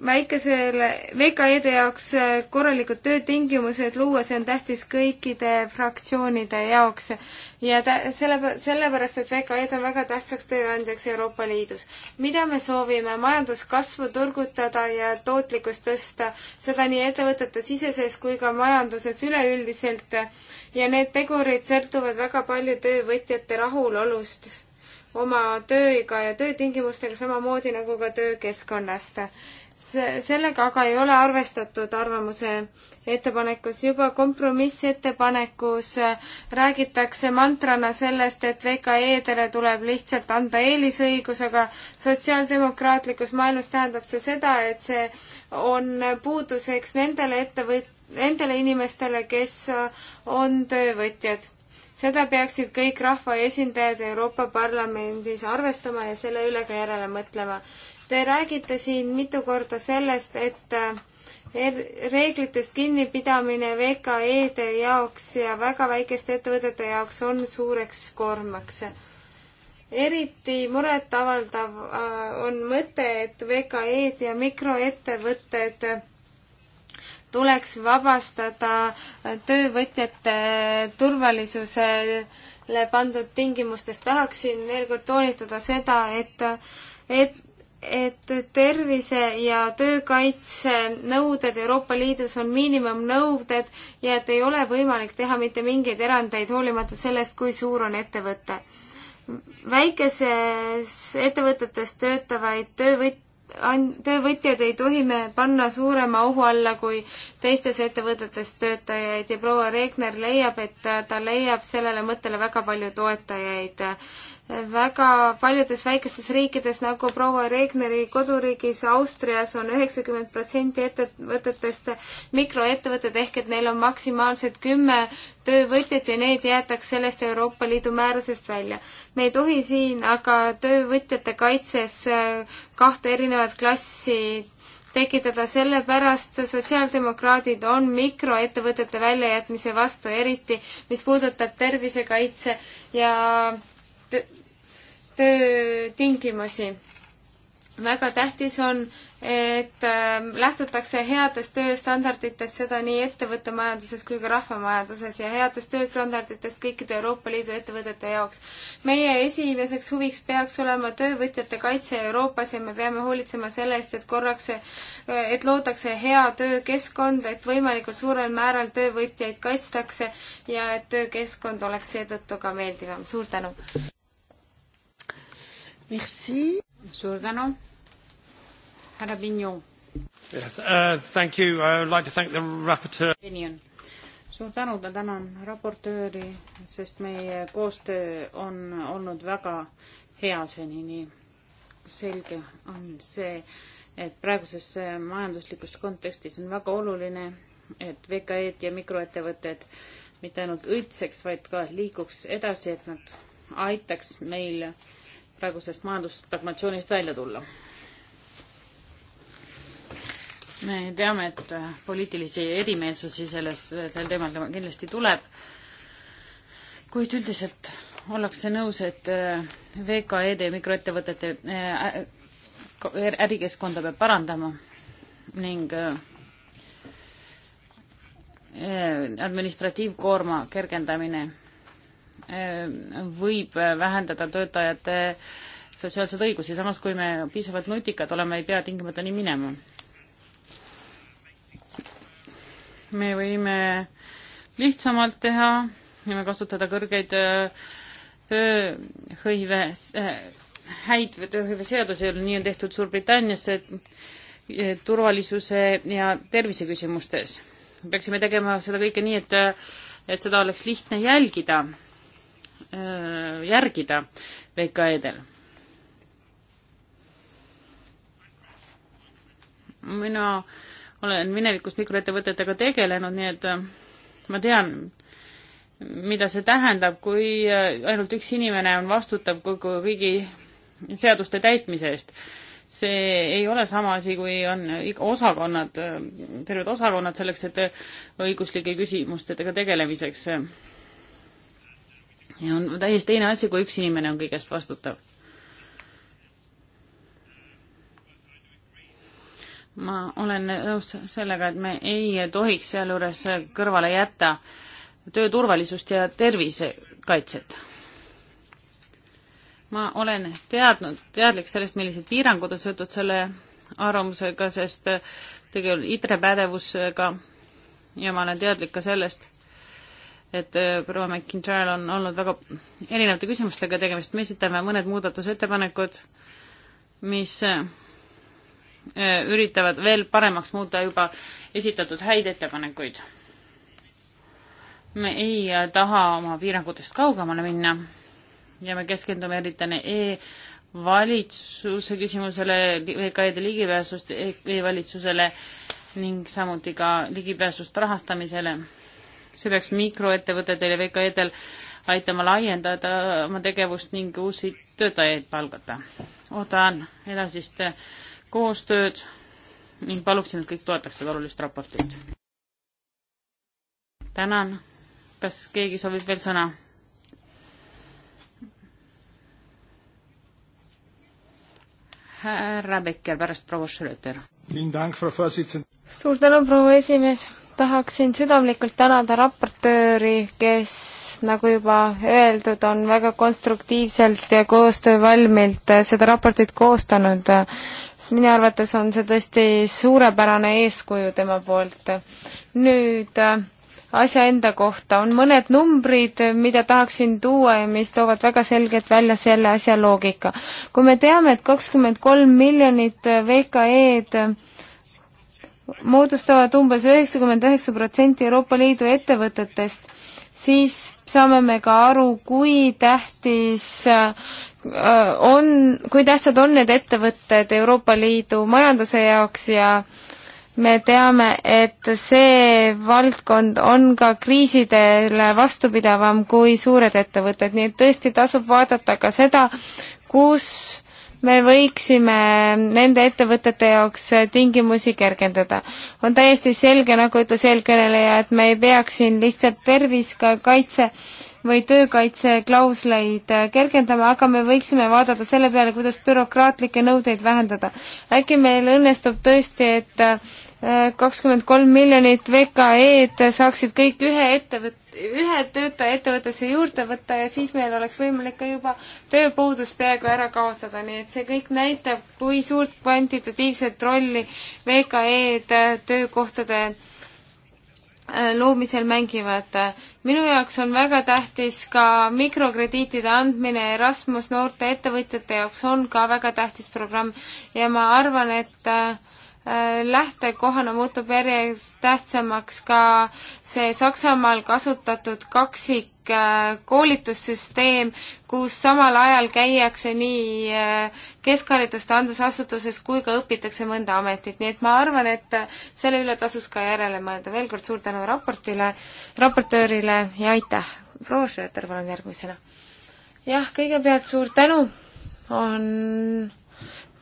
[SPEAKER 3] väikesele VKE-de jaoks äh, korralikud töötingimused luua, see on tähtis kõikide fraktsioonide jaoks. ja tä-, selle, sellepärast, et VKE-d on väga tähtsaks tööandjaks Euroopa Liidus. mida me soovime? majanduskasvu turgutada ja tootlikkust tõsta, seda nii ettevõtete siseses kui ka majanduses üleüldiselt ja need tegurid sõltuvad väga palju töövõtjate rahulolust oma tööga ja töötingimustega, samamoodi nagu ka töökeskkonnast sellega aga ei ole arvestatud arvamuse ettepanekus. juba kompromissettepanekus äh, räägitakse mantrana sellest, et VKE-dele tuleb lihtsalt anda eelisõigus, aga sotsiaaldemokraatlikus maailmas tähendab see seda, et see on puuduseks nendele ettevõt-, nendele inimestele, kes äh, on töövõtjad seda peaksid kõik rahvaesindajad Euroopa Parlamendis arvestama ja selle üle ka järele mõtlema. Te räägite siin mitu korda sellest, et äh, er-, reeglitest kinnipidamine VKE-de jaoks ja väga väikeste ettevõtete jaoks on suureks koormaks. eriti muretavaldav äh, on mõte, et VKE-d ja mikroettevõtted tuleks vabastada äh, töövõtjate turvalisusele pandud tingimustest. tahaksin veel kord toonitada seda, et, et et tervise- ja töökaitsenõuded Euroopa Liidus on miinimumnõuded ja et ei ole võimalik teha mitte mingeid erandeid, hoolimata sellest, kui suur on ettevõte. väikeses ettevõtetes töötavaid töövõt-, töövõtjaid ei tohi me panna suurema ohu alla kui teistes ettevõtetes töötajaid ja proua Regner leiab, et ta leiab sellele mõttele väga palju toetajaid väga paljudes väikestes riikides nagu proua Regneri koduriigis Austrias on üheksakümmend protsenti ettevõtetest mikroettevõtted ehk et neil on maksimaalselt kümme töövõtjat ja need jäetakse sellest Euroopa Liidu määrusest välja. me ei tohi siin aga töövõtjate kaitses äh, kahte erinevat klassi tekitada, sellepärast sotsiaaldemokraadid on mikroettevõtete väljajätmise vastu, eriti mis puudutab tervisekaitse ja töötingimusi. väga tähtis on, et ähm, lähtutakse headest tööstandarditest, seda nii ettevõtte majanduses kui ka rahvamajanduses ja headest tööstandarditest kõikide Euroopa Liidu ettevõtete jaoks. meie esimeseks huviks peaks olema töövõtjate kaitse Euroopas ja me peame hoolitsema selle eest, et korraks, äh, et loodakse hea töökeskkond, et võimalikult suurel määral töövõtjaid kaitstakse ja et töökeskkond oleks seetõttu ka meeldivam. suur tänu! Merci. suur tänu, härra Vignon. Yes,
[SPEAKER 1] uh, thank you. I would like to thank the rapporteur. Vignon suur tänu, ta tänan raportööri, sest meie koostöö on olnud väga hea senini. selge on see, et praeguses majanduslikus kontekstis on väga oluline, et VKE-d ja mikroettevõtted mitte ainult õitseks, vaid ka liiguks edasi, et nad aitaks meil äh, praegusest majandusstagnatsioonist välja tulla. me teame, et poliitilisi erimeelsusi selles, sel teemal kindlasti tuleb, kuid üldiselt ollakse nõus, et äh, VKE-de ja mikroettevõtete äh, ärikeskkonda peab parandama ning äh, administratiivkoorma kergendamine Ehm, võib äh, vähendada töötajate sotsiaalseid õigusi, samas kui me piisavalt nutikad oleme, ei pea tingimata nii minema. me võime lihtsamalt teha, võime kasutada kõrgeid äh, tööhõive, äh, häid tööhõive seadusi, nii on tehtud Suurbritannias turvalisuse ja tervise küsimustes. peaksime tegema seda kõike nii, et, et seda oleks lihtne jälgida Äh, järgida VKE-del. mina olen minevikus mikroettevõtetega tegelenud, nii et äh, ma tean, mida see tähendab, kui äh, ainult üks inimene on vastutav kogu kõigi seaduste täitmise eest. see ei ole sama asi, kui on osakonnad, terved osakonnad selleks, et õiguslike küsimustega tegelemiseks ja on täiesti teine asi, kui üks inimene on kõigest vastutav. ma olen nõus sellega, et me ei tohiks sealjuures kõrvale jätta tööturvalisust ja tervisekaitset. ma olen teadnud, teadlik sellest, millised piirangud on seotud selle arvamusega, sest tegelikult ITRE pädevusega ja ma olen teadlik ka sellest, et äh, proua McIntyre on olnud väga erinevate küsimustega tegemist, me esitame mõned muudatusettepanekud, mis äh, äh, üritavad veel paremaks muuta juba esitatud häid ettepanekuid. me ei taha oma piirangutest kaugemale minna ja me keskendume eriti e-valitsuse küsimusele, VKE-de ligipääsust e-, e-valitsusele ning samuti ka ligipääsust rahastamisele see peaks mikroettevõtetel ja VKE-del aitama laiendada oma tegevust ning uusi töötajaid palgata. ootan edasist koostööd ning paluksin, et kõik toetaks seda olulist raportit. tänan. kas keegi soovib veel sõna? härra Becker, pärast proua Schröter.
[SPEAKER 3] suur tänu, proua esimees. tahaksin südamlikult tänada raportööri, kes, nagu juba öeldud, on väga konstruktiivselt ja koostöövalmilt äh, seda raportit koostanud. minu arvates on see tõesti suurepärane eeskuju tema poolt. nüüd äh, asja enda kohta. on mõned numbrid, mida tahaksin tuua ja mis toovad väga selgelt välja selle asja loogika. kui me teame, et kakskümmend kolm miljonit VKE-d moodustavad umbes üheksakümmend üheksa protsenti Euroopa Liidu ettevõtetest, siis saame me ka aru, kui tähtis äh, on, kui tähtsad on need ettevõtted Euroopa Liidu majanduse jaoks ja äh, me teame, et see valdkond on ka kriisidele vastupidavam kui suured ettevõtted, nii et tõesti tasub vaadata ka seda, kus me võiksime nende ettevõtete jaoks tingimusi kergendada. on täiesti selge, nagu ütles eelkõneleja, et me ei peaks siin lihtsalt tervis ka kaitse või töökaitseklausleid kergendama, aga me võiksime vaadata selle peale, kuidas bürokraatlikke nõudeid vähendada. äkki meil õnnestub tõesti, et äh, kakskümmend kolm miljonit VKE-d saaksid kõik ühe ettevõt-, ühe töötaja ettevõttesse juurde võtta ja siis meil oleks võimalik ka juba tööpuudus peaaegu ära kaotada, nii et see kõik näitab, kui suurt kvantitatiivset rolli VKE-d töökohtade Äh, loomisel mängivad. minu jaoks on väga tähtis ka mikrokrediitide andmine Erasmus noorte ettevõtjate jaoks on ka väga tähtis programm ja ma arvan, et äh, lähtekohana muutub järjest tähtsamaks ka see Saksamaal kasutatud kaksik äh, koolitussüsteem, kus samal ajal käiakse nii äh, keskharidust andes asutuses kui ka õpitakse mõnda ametit, nii et ma arvan, et äh, selle üle tasus ka järele mõelda. veel kord suur tänu raportile, raportöörile ja aitäh! proua Schröter, palun järgmisena. jah, kõigepealt suur tänu, on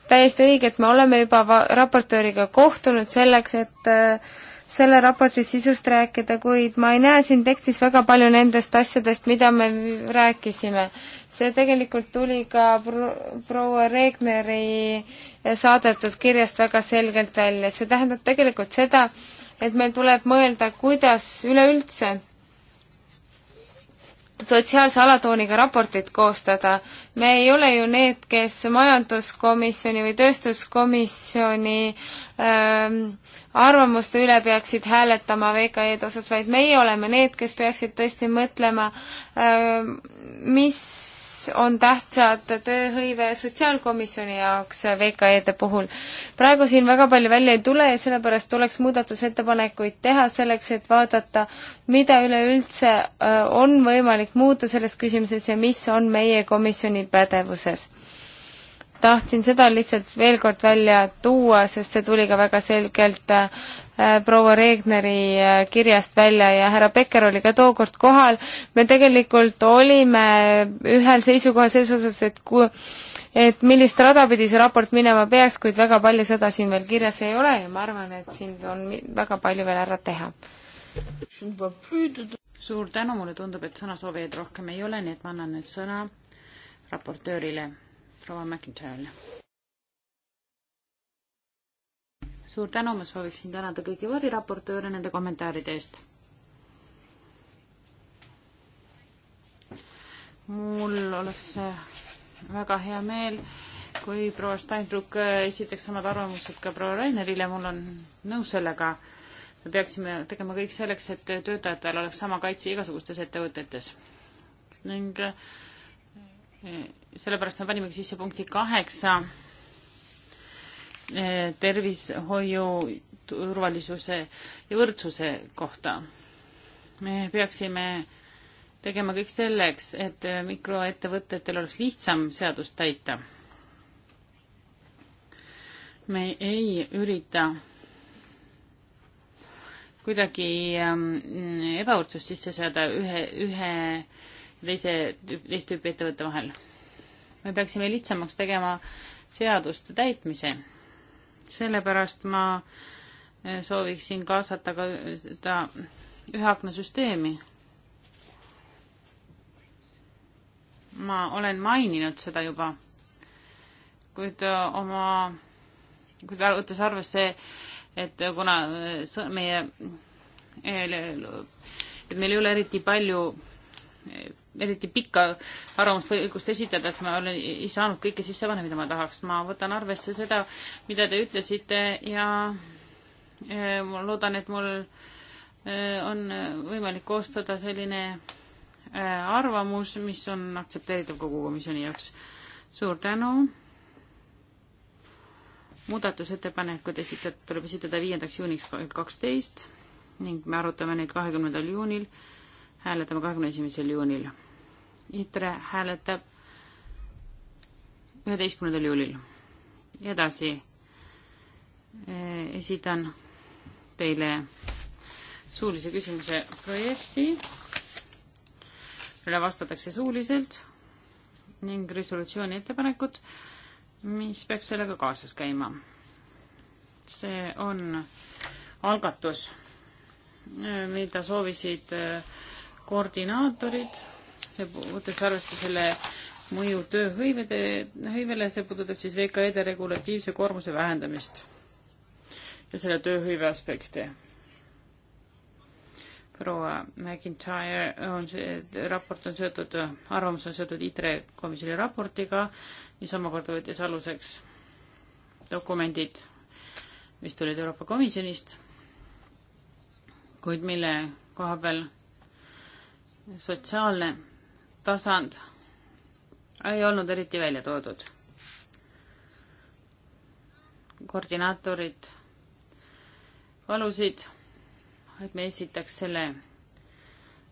[SPEAKER 3] täiesti õige, et me oleme juba raportööriga kohtunud selleks, et äh, selle raporti sisust rääkida, kuid ma ei näe siin tekstis väga palju nendest asjadest, mida me rääkisime. see tegelikult tuli ka proua Regneri äh, saadetud kirjast väga selgelt välja, see tähendab tegelikult seda, et meil tuleb mõelda, kuidas üleüldse sotsiaalse alatooniga raportit koostada. me ei ole ju need, kes majanduskomisjoni või tööstuskomisjoni ähm, arvamuste üle peaksid hääletama VKE-de osas, vaid meie oleme need, kes peaksid tõesti mõtlema ähm, mis on tähtsad tööhõive sotsiaalkomisjoni jaoks VKE-de puhul. praegu siin väga palju välja ei tule ja sellepärast tuleks muudatusettepanekuid teha selleks, et vaadata, mida üleüldse on võimalik muuta selles küsimuses ja mis on meie komisjoni pädevuses. tahtsin seda lihtsalt veel kord välja tuua, sest see tuli ka väga selgelt Äh, proua Regneri äh, kirjast välja ja härra Becker oli ka tookord kohal. me tegelikult olime ühel seisukohal selles osas, et ku-, et millist rada pidi see raport minema peaks, kuid väga palju seda siin veel kirjas ei ole ja ma arvan, et siin on väga palju veel ära teha.
[SPEAKER 1] suur tänu, mulle tundub, et sõnasoovijaid rohkem ei ole, nii et ma annan nüüd sõna raportöörile, proua McIntyre'ile. suur tänu, ma sooviksin tänada kõiki variraportööre nende kommentaaride eest. mul oleks väga hea meel, kui proua Steinbrück esitaks omad arvamused ka proua Rainerile, mul on nõus sellega. me peaksime tegema kõik selleks, et töötajatel oleks sama kaitse igasugustes ettevõtetes. ning eh, sellepärast me panimegi sisse punkti kaheksa Eh, tervishoiu, turvalisuse ja võrdsuse kohta. me peaksime tegema kõik selleks, et mikroettevõtetel oleks lihtsam seadust täita. me ei ürita kuidagi ähm, ebavõrdsust sisse seada ühe, ühe teise, teist tüüpi ettevõtte vahel. me peaksime lihtsamaks tegema seaduste täitmise sellepärast ma eh, sooviksin kaasata ka seda eh, ühe akna süsteemi. ma olen maininud seda juba, kuid eh, oma, kuid võttes arvesse, et kuna meie, et meil ei ole eriti palju eriti pikka arvamust või õigust esitada, sest ma olen, ei saanud kõike sisse panna, mida ma tahaks. ma võtan arvesse seda, mida te ütlesite ja eh, ma loodan, et mul eh, on võimalik koostada selline eh, arvamus, mis on aktsepteeritav kogu komisjoni jaoks. suur tänu. muudatusettepanekud esitat-, tuleb esitada viiendaks juuniks kaksteist ning me arutame neid kahekümnendal juunil hääletame kahekümne esimesel juunil. ITRE hääletab üheteistkümnendal juulil. edasi eh, esitan teile suulise küsimuse projekti, millele vastatakse suuliselt ning resolutsiooni ettepanekud, mis peaks sellega kaasas käima. see on algatus, eh, mida soovisid äh, koordinaatorid, see võttes arvesse selle mõju tööhõivede, hõivele, see puudutab siis VKE-de regulatiivse koormuse vähendamist ja selle tööhõive aspekte. proua McIntyre on see, raport on seotud, arvamus on seotud ITRE komisjoni raportiga, mis omakorda võttis aluseks dokumendid, mis tulid Euroopa Komisjonist, kuid mille koha peal sotsiaalne tasand ei olnud eriti välja toodud. koordinaatorid palusid, et me esitaks selle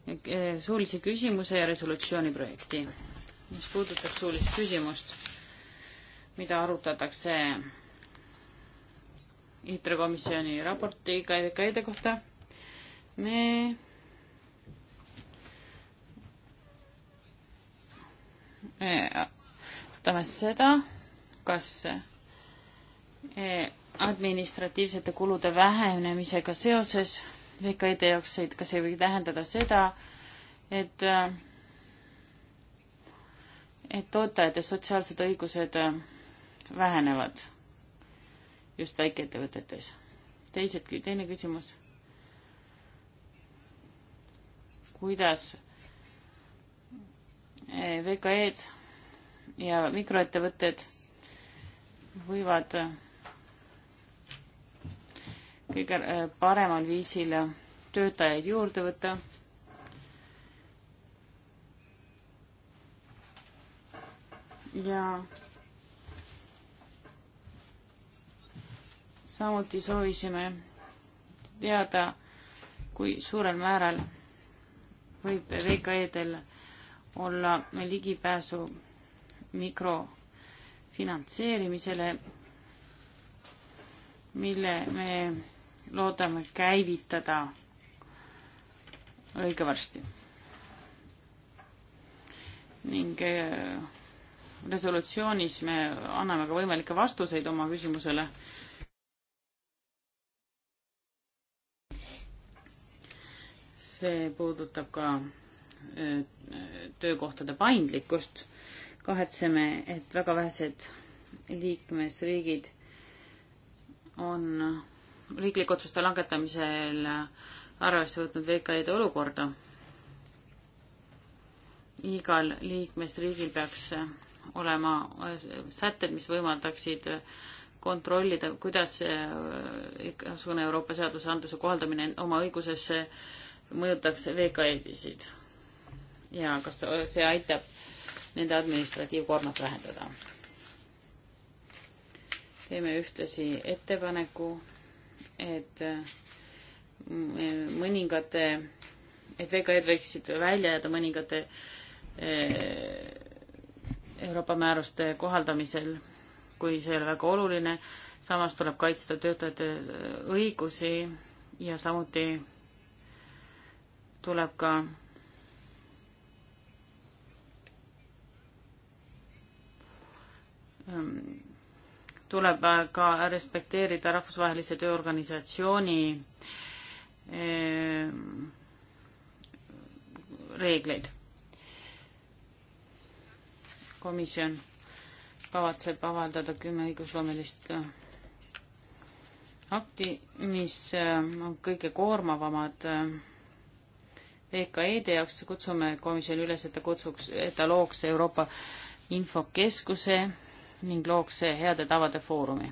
[SPEAKER 1] eh, suulise küsimuse ja resolutsiooni projekti, mis puudutab suulist küsimust, mida arutatakse ITRE komisjoni raportiga EKI-de kohta. me arutame seda, kas e, administratiivsete kulude vähenemisega seoses VKD jaoks, et kas see võib tähendada seda, et, et toetajate sotsiaalsed õigused e, vähenevad just väikeettevõtetes. teisedki, teine küsimus. kuidas Eh, VKE-d ja mikroettevõtted võivad eh, kõige eh, paremal viisil töötajaid juurde võtta. ja samuti soovisime teada, kui suurel määral võib VKE-del olla ligipääsu mikrofinantseerimisele, mille me loodame käivitada õige varsti. ning äh, resolutsioonis me anname ka võimalikke vastuseid oma küsimusele. see puudutab ka töökohtade paindlikkust. kahetseme, et väga vähesed liikmesriigid on riiklike otsuste langetamisel arvesse võtnud VKE-de olukorda. igal liikmesriigil peaks olema sätted, mis võimaldaksid kontrollida, kuidas igasugune Euroopa seadusandluse kohaldamine oma õigusesse mõjutaks VKE-disid ja kas see aitab nende administratiivkoormat vähendada. teeme ühtlasi ettepaneku, et mõningate, et VKR võiksid välja jääda mõningate eh, Euroopa määruste kohaldamisel, kui see ei ole väga oluline, samas tuleb kaitsta töötajate õigusi ja samuti tuleb ka Ähm, tuleb ka respekteerida Rahvusvahelise Tööorganisatsiooni ähm, reegleid. komisjon kavatseb avaldada kümme õigusloomelist äh, akti, mis äh, on kõige koormavamad VKE-de äh, e jaoks, kutsume komisjoni üles, et ta kutsuks, et ta looks Euroopa infokeskuse ning looks heade tavade foorumi.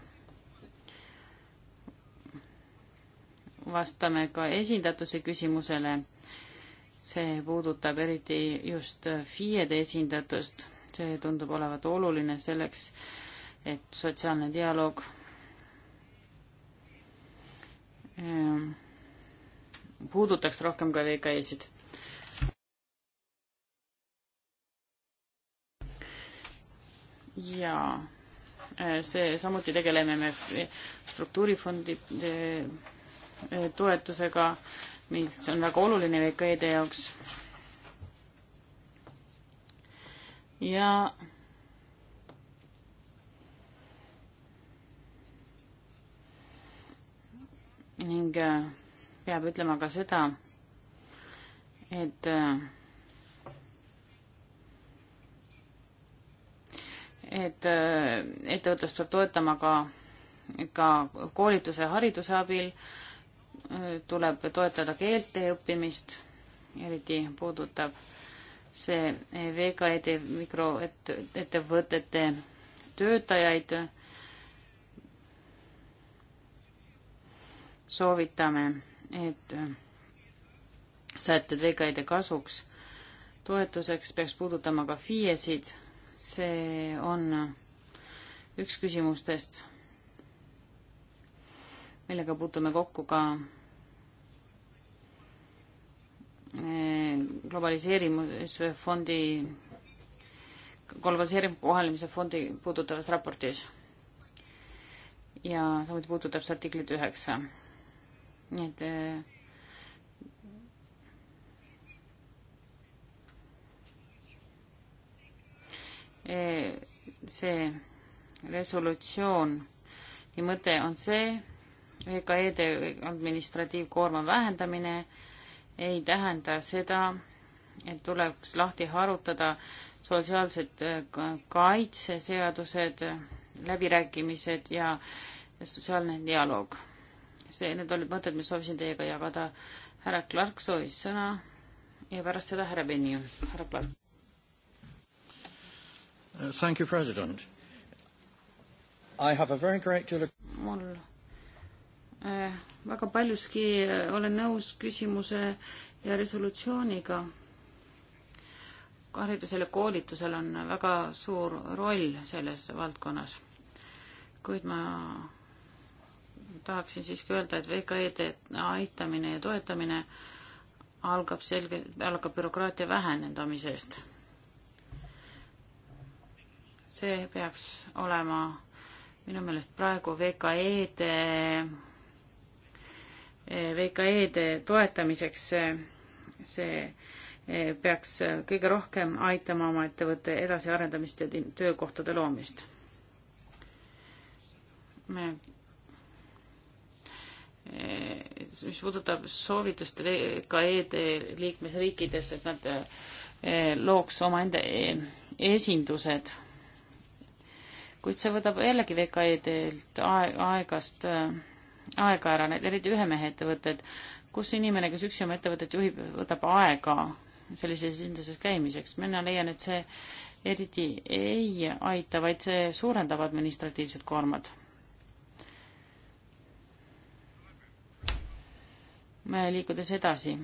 [SPEAKER 1] vastame ka esindatuse küsimusele. see puudutab eriti just FIE-de esindatust. see tundub olevat oluline selleks, et sotsiaalne dialoog ehm, puudutaks rohkem ka VKE-sid ja äh, see, samuti tegeleme me struktuurifondide äh, toetusega, mis on väga oluline VKE-de jaoks. ja ning äh, peab ütlema ka seda, et äh, et äh, ettevõtlust peab toetama ka, ka koolituse ja hariduse abil, äh, tuleb toetada keelte õppimist, eriti puudutab see äh, VKD mikroettevõtete töötajaid. soovitame, et sätted VKD kasuks toetuseks peaks puudutama ka FIE-sid see on üks küsimustest, millega puutume kokku ka eh, globaliseerimisfondi, globaliseerimise kohalemise fondi puudutavas raportis. ja samuti puudutab see artiklit üheksa. nii et eh, E, see resolutsiooni mõte on see, EKE-de administratiivkoorma vähendamine ei tähenda seda, et tuleks lahti harutada sotsiaalsed e, kaitseseadused, läbirääkimised ja sotsiaalne dialoog. see, need olid mõtted, mis soovisin teiega jagada. härra Clark soovis sõna ja pärast seda härra Benio. härra Clark Uh, thank you, president. I have a very great deal of mul äh, väga paljuski eh, olen nõus küsimuse ja resolutsiooniga. haridusel ja koolitusel on väga suur roll selles valdkonnas. kuid ma tahaksin siiski öelda, et VKE-de aitamine ja toetamine algab selge, algab bürokraatia vähenendamisest see peaks olema minu meelest praegu VKE-de, VKE-de toetamiseks see peaks kõige rohkem aitama oma ettevõtte edasiarendamist ja töökohtade loomist. me, mis puudutab soovitust VKE-de liikmesriikides, et nad eh, looks omaenda eh, esindused kuid see võtab jällegi VKE-delt aegast, äh, aega ära, need eriti ühe mehe ettevõtted, kus inimene, kes üksi oma ettevõtet juhib, võtab aega sellises esinduses käimiseks. mina leian, et see eriti ei aita, vaid see suurendab administratiivsed koormad. liikudes edasi.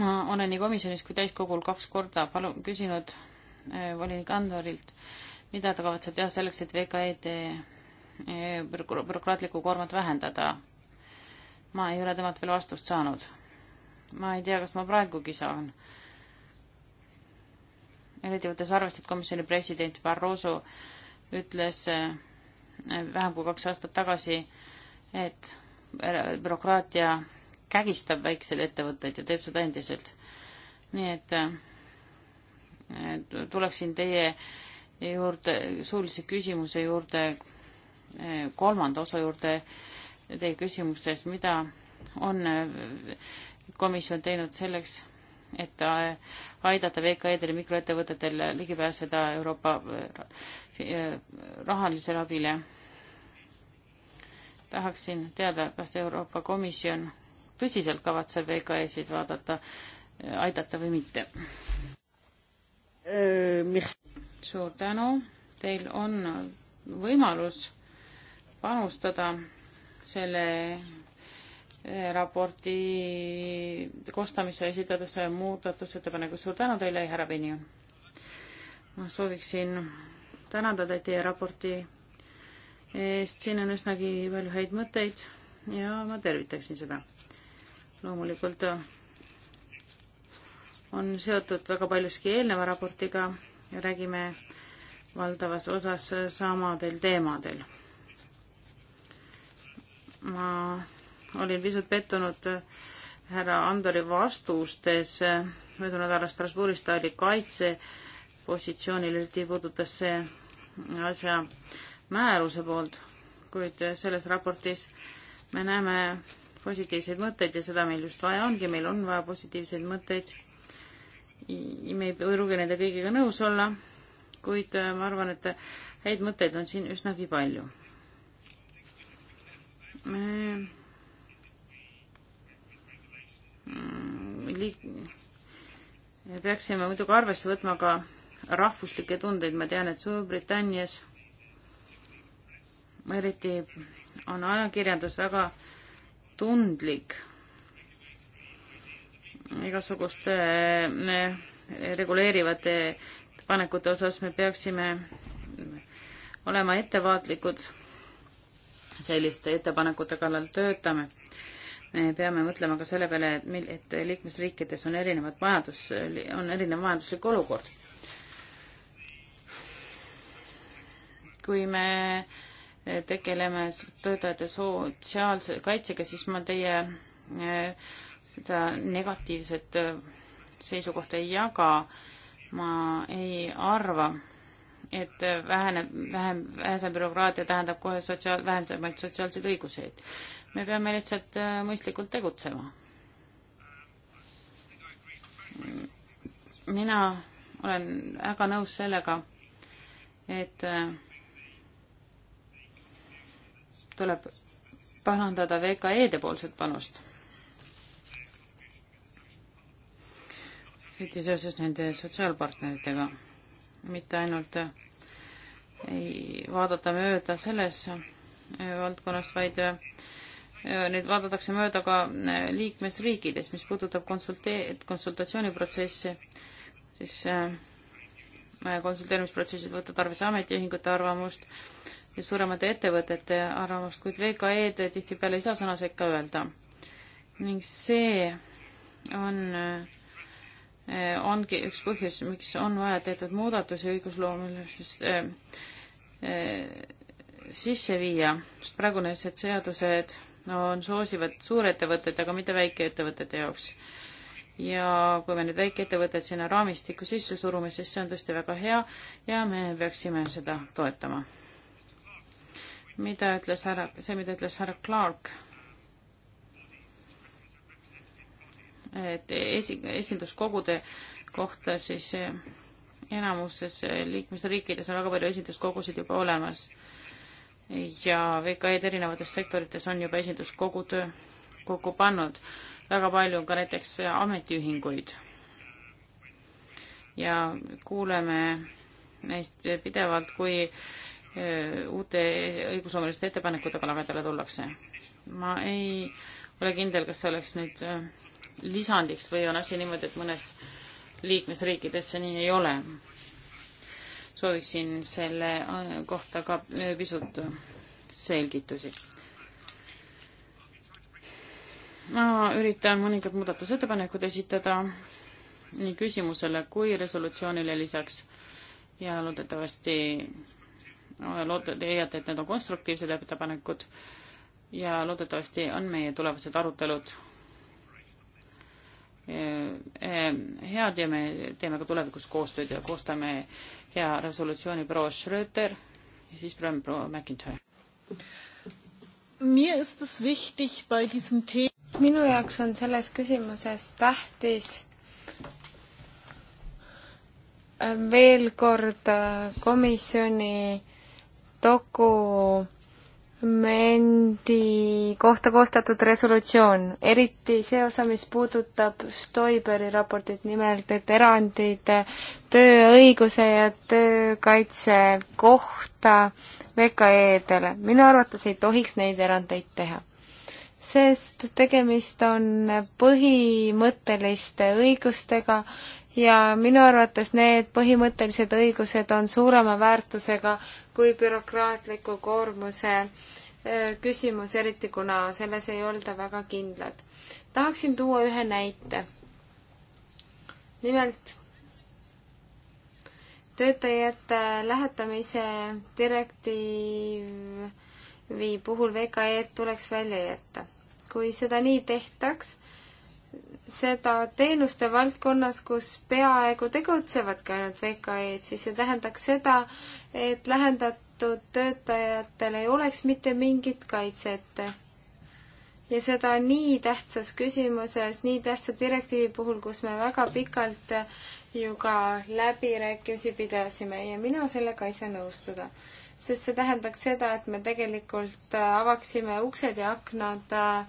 [SPEAKER 1] ma olen nii komisjonis kui täiskogul kaks korda palun küsinud Äh, volinik Andorilt, mida ta kavatseb teha selleks, et VKE-d äh, bürokraatlikku koormat vähendada. ma ei ole temalt veel vastust saanud. ma ei tea, kas ma praegugi saan. eriti võttes arvesse, et komisjoni president Barroso ütles äh, vähem kui kaks aastat tagasi, et bürokraatia kägistab väikseid ettevõtteid ja teeb seda endiselt. nii et tuleksin teie juurde, suulise küsimuse juurde, eh, kolmanda osa juurde teie küsimustes, mida on eh, komisjon teinud selleks, et eh, aidata VKE-del ja mikroettevõtetel ligi pääseda Euroopa rahalisele abile. tahaksin teada, kas Euroopa Komisjon tõsiselt kavatseb VKE-sid vaadata, aidata või mitte? Äh, suur tänu, teil on võimalus panustada selle äh, raporti koostamisse esitades muudatusettepaneku. suur tänu teile, härra Penjon. ma sooviksin tänada teid teie raporti eest, siin on üsnagi palju häid mõtteid ja ma tervitaksin seda. loomulikult äh, on seotud väga paljuski eelneva raportiga ja räägime valdavas osas samadel teemadel. ma olin pisut pettunud härra Andori vastustes möödunud nädalal Strasbourgis, ta oli kaitsepositsioonil, eriti puudutas see asja määruse poolt, kuid selles raportis me näeme positiivseid mõtteid ja seda meil just vaja ongi, meil on vaja positiivseid mõtteid me ei pruugi nende kõigiga nõus olla, kuid äh, ma arvan, et äh, häid mõtteid on siin üsnagi palju. me mm, peaksime muidugi arvesse võtma ka rahvuslikke tundeid, ma tean, et Suurbritannias eriti on ajakirjandus väga tundlik igasuguste eh, eh, reguleerivate ettepanekute osas me peaksime olema ettevaatlikud selliste ettepanekute kallal töötame. me peame mõtlema ka selle peale, et mil-, et liikmesriikides on erinevad majandus, on erinev majanduslik olukord. kui me tegeleme töötajate sotsiaalse kaitsega, siis ma teie eh, seda negatiivset äh, seisukohta ei jaga. ma ei arva, et väheneb, vähem, vähese bürokraatia tähendab kohe sotsiaal, vähemaid sotsiaalseid õiguseid. me peame lihtsalt äh, mõistlikult tegutsema. mina olen väga nõus sellega, et äh, tuleb parandada VKE-de poolset panust eriti seoses nende sotsiaalpartneritega. mitte ainult ei vaadata mööda selles äh, valdkonnas, vaid äh, nüüd vaadatakse mööda ka äh, liikmesriikides, mis puudutab konsulte-, konsultatsiooniprotsessi, siis konsulteerimisprotsessid võtavad arvesse ametiühingute arvamust ja suuremate ettevõtete arvamust, kuid VKE-d tihtipeale ei saa sõna sekka öelda. ning see on äh, Eh, ongi üks põhjus, miks on vaja teatud muudatusi õigusloomulises äh, eh, äh, eh, sisse viia, sest praegused seadused no, on soosivad suurettevõtted, aga mitte väikeettevõtete jaoks. ja kui me need väikeettevõtted sinna raamistikku sisse surume, siis see on tõesti väga hea ja me peaksime seda toetama. mida ütles härra, see, mida ütles härra Clark et esi, esinduskogude kohta siis eh, enamuses eh, liikmesriikides on väga palju esinduskogusid juba olemas ja VKE-d erinevates sektorites on juba esinduskogud eh, kokku pannud. väga palju on ka näiteks ametiühinguid. ja kuuleme neist pidevalt, kui uute õigusloomeliste ettepanekutega lagedale tullakse. ma ei ole kindel, kas see oleks nüüd lisandiks või on asi niimoodi, et mõnes liikmesriikides see nii ei ole? sooviksin selle äh, kohta ka äh, pisut selgitusi. ma üritan mõningad muudatusettepanekud esitada nii küsimusele kui resolutsioonile lisaks ja loodetavasti äh, loodate, leiate, et need on konstruktiivsed ettepanekud ja loodetavasti on meie tulevased arutelud Äh, äh, head ja me teeme ka tulevikus koostööd ja koostame hea resolutsiooni proua Schröter ja siis proua McIntyre.
[SPEAKER 3] minu jaoks on selles küsimuses tähtis äh, veel kord komisjoni doku mendi kohta koostatud resolutsioon, eriti see osa, mis puudutab Stoiberi raportit, nimelt et erandid tööõiguse ja töökaitse kohta VKE-dele. minu arvates ei tohiks neid erandeid teha, sest tegemist on põhimõtteliste õigustega ja minu arvates need põhimõttelised õigused on suurema väärtusega kui bürokraatliku koormuse küsimus, eriti kuna selles ei olda väga kindlad. tahaksin tuua ühe näite. nimelt töötajate lähetamise direktiivi puhul VKE-d tuleks välja jätta. kui seda nii tehtaks, seda teenuste valdkonnas, kus peaaegu tegutsevadki ainult VKE-d, siis see tähendaks seda, et lähendatud töötajatel ei oleks mitte mingit kaitset. ja seda nii tähtsas küsimuses, nii tähtsa direktiivi puhul, kus me väga pikalt ju ka läbirääkimisi pidasime ja mina sellega ei saa nõustuda. sest see tähendaks seda, et me tegelikult avaksime uksed ja aknad äh,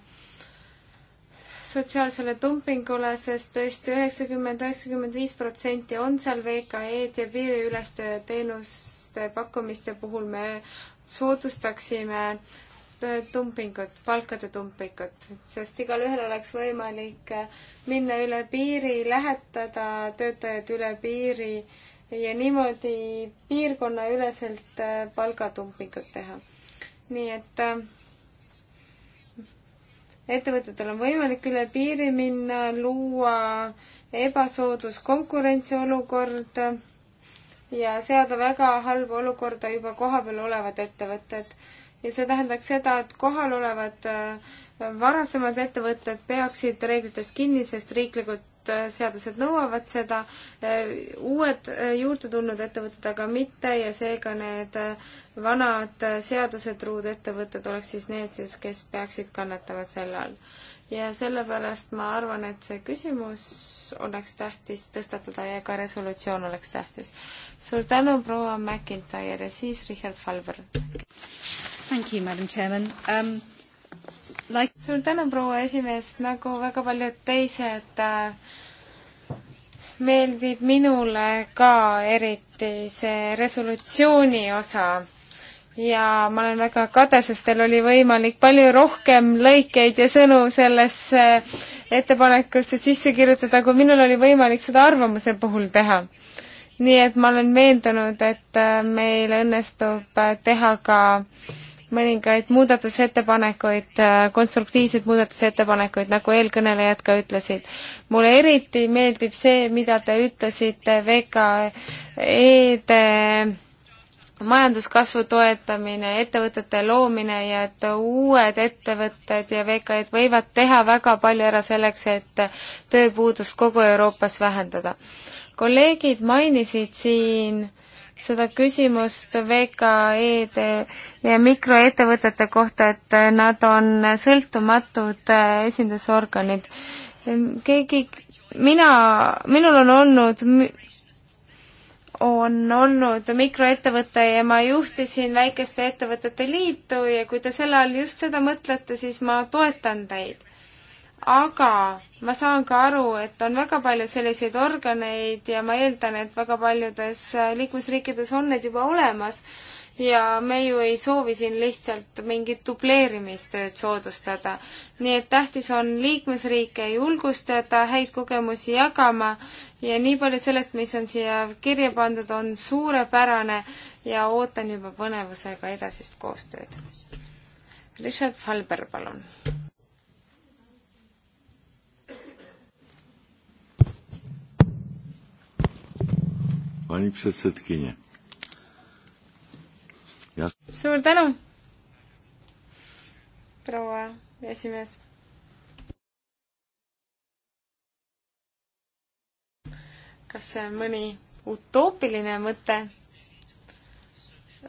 [SPEAKER 3] sotsiaalsele dumpingule, sest tõesti üheksakümmend, üheksakümmend viis protsenti on seal VKE-d ja piiriüleste teenuste pakkumiste puhul me soodustaksime dumpingut, palkade dumpingut, sest igalühel oleks võimalik minna üle piiri, lähetada töötajad üle piiri ja niimoodi piirkonnaüleselt palgadumpingut teha. nii et äh, ettevõtetel on võimalik üle piiri minna, luua ebasoodus konkurentsiolukord ja seada väga halba olukorda juba kohapeal olevad ettevõtted. ja see tähendaks seda, et kohal olevad äh, varasemad ettevõtted peaksid reeglitest kinni, sest riiklikud Äh, seadused nõuavad seda, äh, uued äh, juurde tulnud ettevõtted aga mitte ja seega need vanad seadusetruud ettevõtted oleks siis need siis, kes peaksid kannatama selle all. ja sellepärast ma arvan, et see küsimus oleks tähtis tõstatada ja ka resolutsioon oleks tähtis. suur tänu, proua McIntyre ja siis Richard Falber. Thank you, madam chairman um like... suur tänu, proua esimees, nagu väga paljud teised äh, meeldib minule ka eriti see resolutsiooni osa ja ma olen väga kade, sest teil oli võimalik palju rohkem lõikeid ja sõnu sellesse äh, ettepanekusse sisse kirjutada, kui minul oli võimalik seda arvamuse puhul teha. nii et ma olen veendunud, et äh, meil õnnestub teha ka äh, mõningaid muudatusettepanekuid, äh, konstruktiivseid muudatusettepanekuid, nagu eelkõnelejad ka ütlesid. mulle eriti meeldib see, mida te ütlesite VKE-de majanduskasvu toetamine, ettevõtete loomine ja et uued ettevõtted ja VKE-d võivad teha väga palju ära selleks, et tööpuudust kogu Euroopas vähendada. kolleegid mainisid siin seda küsimust VKE-de ja mikroettevõtete kohta, et nad on sõltumatud esindusorganid. keegi, mina, minul on olnud on olnud mikroettevõte ja ma juhtisin Väikeste Ettevõtete Liitu ja kui te sel ajal just seda mõtlete, siis ma toetan teid aga ma saan ka aru, et on väga palju selliseid organeid ja ma eeldan, et väga paljudes äh, liikmesriikides on need juba olemas ja me ju ei soovi siin lihtsalt mingit dubleerimistööd soodustada. nii et tähtis on liikmesriike julgustada, häid kogemusi jagama ja nii palju sellest, mis on siia kirja pandud, on suurepärane ja ootan juba põnevusega edasist koostööd. Richard Falber, palun
[SPEAKER 2] paní předsedkyně.
[SPEAKER 3] Ja... suur tänu, proua esimees. kas see on mõni utoopiline mõte?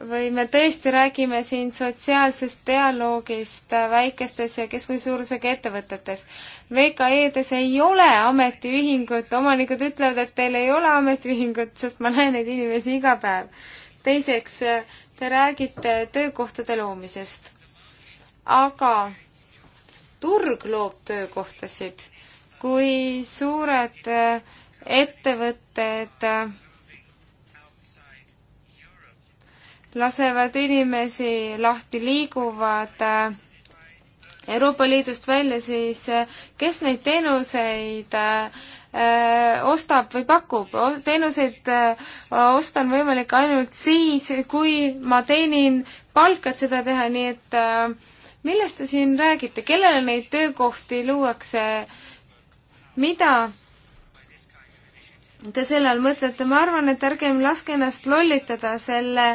[SPEAKER 3] või me tõesti räägime siin sotsiaalsest dialoogist äh, väikestes ja keskmise suurusega ettevõtetes. VKE-des ei ole ametiühingut, omanikud ütlevad, et teil ei ole ametiühingut, sest ma näen neid inimesi iga päev. teiseks, äh, te räägite töökohtade loomisest. aga turg loob töökohtasid. kui suured äh, ettevõtted et lasevad inimesi lahti, liiguvad äh, Euroopa Liidust välja, siis äh, kes neid teenuseid äh, ostab või pakub. teenuseid osta on võimalik ainult siis, kui ma teenin palka, et seda teha, nii et millest te siin räägite, kellele neid töökohti luuakse, mida te selle all mõtlete, ma arvan, et ärgem laske ennast lollitada selle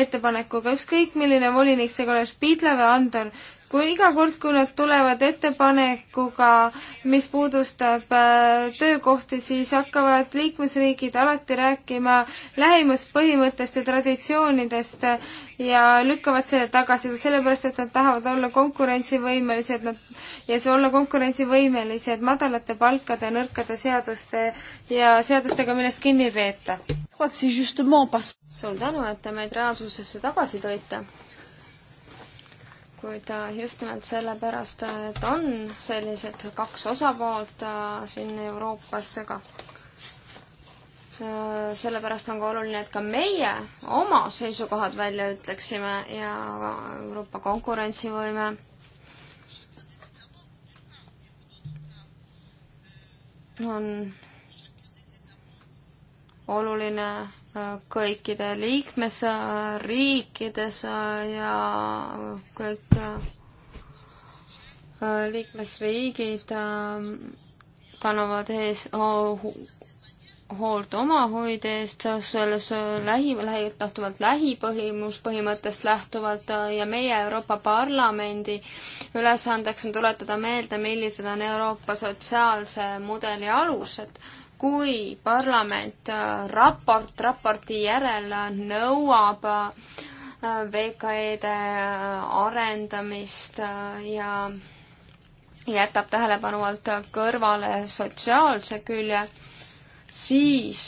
[SPEAKER 3] ettepanekuga, ükskõik milline volinik see ka oleks, Pidla või Andor, kui iga kord, kui nad tulevad ettepanekuga, mis puudustab äh, töökohti, siis hakkavad liikmesriigid alati rääkima lähimuspõhimõttest ja traditsioonidest ja lükkavad selle tagasi, sellepärast et nad tahavad olla konkurentsivõimelised, nad, ja see olla konkurentsivõimelised madalate palkade, nõrkade seaduste ja seadustega, millest kinni ei peeta. suur tänu, et
[SPEAKER 2] te meid reaalsusesse tagasi tõite kuid äh, just nimelt sellepärast, et on sellised kaks osapoolt äh, siin Euroopas, aga äh, sellepärast on ka oluline, et ka meie oma seisukohad välja ütleksime ja Euroopa konkurentsivõime on oluline kõikide liikmesriikides ja kõik äh, liikmesriigid äh, kannavad ees hoolt omahoide eest, selles äh, lähi, lähi, lähtuvalt lähipõhimuspõhimõttest lähtuvalt ja meie Euroopa Parlamendi ülesandeks on tuletada meelde, millised on Euroopa sotsiaalse mudeli alused kui parlament äh, raport, raporti järel nõuab äh, VKE-de äh, arendamist ja jätab tähelepanu alt kõrvale sotsiaalse külje, siis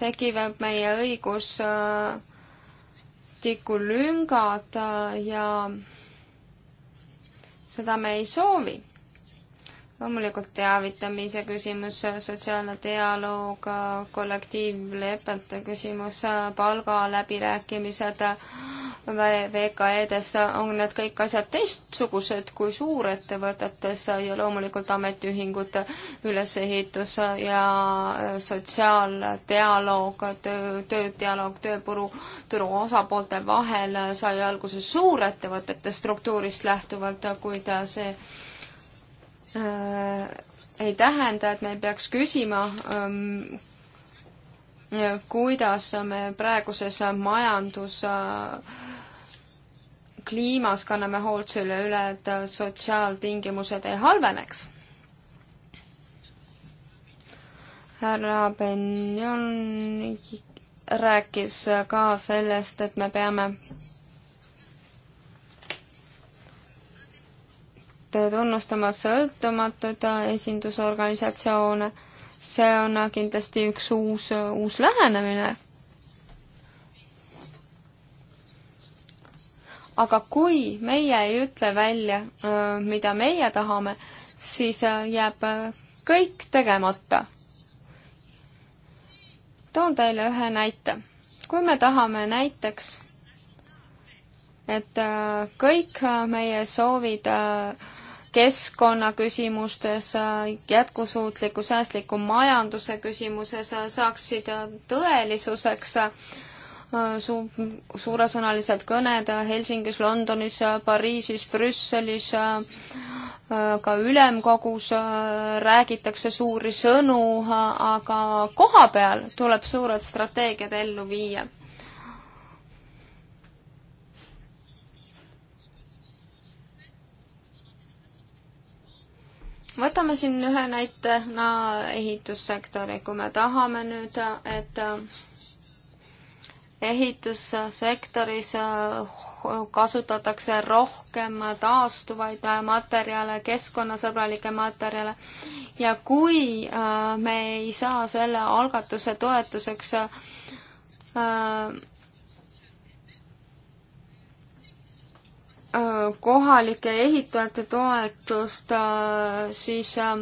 [SPEAKER 2] tekivad meie õigustiku lüngad ja seda me ei soovi loomulikult teavitamise küsimus, sotsiaalne dialoog, kollektiivlepete küsimus, palgaläbirääkimised VKE-des on need kõik asjad teistsugused kui suurettevõtetes ja loomulikult ametiühingute ülesehitus ja sotsiaaldialoog, töö, töödialoog tööpuru, turu osapoolte vahel sai alguse suurettevõtete struktuurist lähtuvalt, kuid see Äh, ei tähenda, et me ei peaks küsima, ähm, kuidas me praeguses majandus äh, kliimas kanname hoolt selle üle, et sotsiaaltingimused ei halveneks. härra Benjon rääkis ka sellest, et me peame tunnustama sõltumatud esindusorganisatsioone. see on kindlasti üks uus, uus lähenemine. aga kui meie ei ütle välja, mida meie tahame, siis jääb kõik tegemata. toon teile ühe näite. kui me tahame näiteks, et kõik meie soovid äh, keskkonnaküsimustes, jätkusuutliku säästliku majanduse küsimuses saaksid tõelisuseks äh, su-, suuresõnaliselt kõned Helsingis, Londonis, Pariisis, Brüsselis, äh, ka ülemkogus äh, räägitakse suuri sõnu, aga koha peal tuleb suured strateegiad ellu viia. võtame siin ühe näitena no, ehitussektori, kui me tahame nüüd, et äh, ehitussektoris äh, kasutatakse rohkem taastuvaid materjale, keskkonnasõbralikke materjale ja kui äh, me ei saa selle algatuse toetuseks Äh, kohalike ehitajate toetust, äh, siis äh,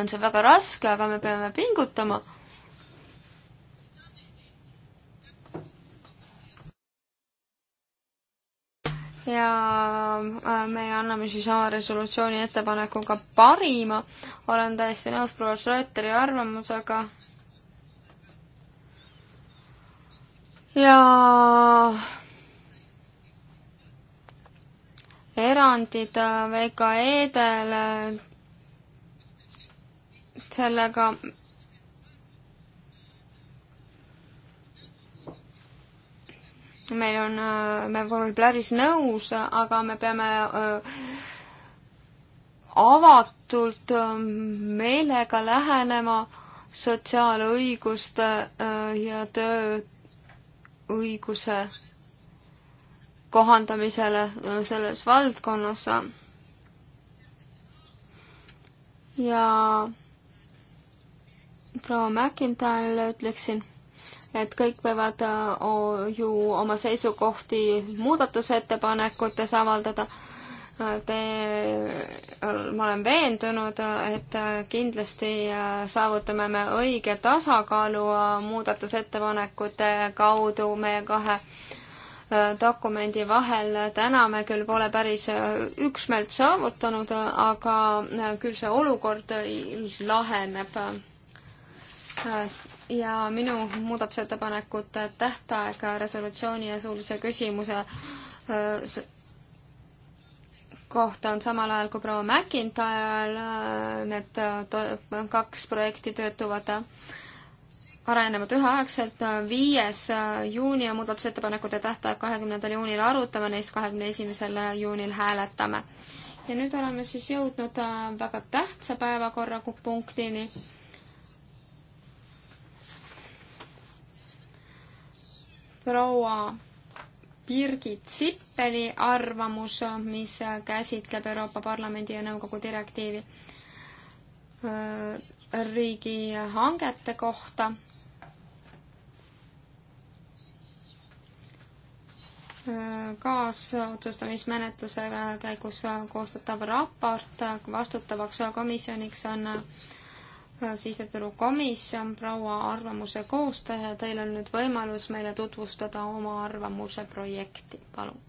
[SPEAKER 2] on see väga raske, aga me peame pingutama. ja me anname siis oma resolutsiooni ettepanekuga parima. olen täiesti nõus proua Schröteri arvamusega. ja erandid äh, VKE-dele, äh, sellega meil on, äh, me pole päris nõus, aga me peame avatult meelega lähenema sotsiaalõiguste ja tööõiguse kohandamisele selles valdkonnas. ja proua McIntyre'ile ütleksin, et kõik võivad ju oma seisukohti muudatusettepanekutes avaldada. Te, ma olen veendunud, et kindlasti saavutame me õige tasakaalu muudatusettepanekute kaudu meie kahe äh, dokumendi vahel. täna me küll pole päris äh, üksmeelt saavutanud, aga äh, küll see olukord äh, laheneb. ja minu muudatusettepanekute tähtaeg resolutsiooni ja suulise küsimuse kohta on samal ajal kui proua McIntyre'l need kaks projekti töötavad arenevad üheaegselt, viies äh, juuni on muudatusettepanekute tähtaeg, kahekümnendal juunil arutame neist, kahekümne esimesel äh, juunil hääletame. ja nüüd oleme siis jõudnud äh, väga tähtsa päevakorrapunktini. proua Birgit Sippeli arvamus, mis käsitleb Euroopa Parlamendi ja Nõukogu direktiivi riigihangete kohta kaasotsustamismenetluse käigus koostatav raport vastutavaks komisjoniks on äh, siseturukomisjon, proua arvamuse koostaja, teil on nüüd võimalus
[SPEAKER 3] meile tutvustada oma arvamuse projekti, palun.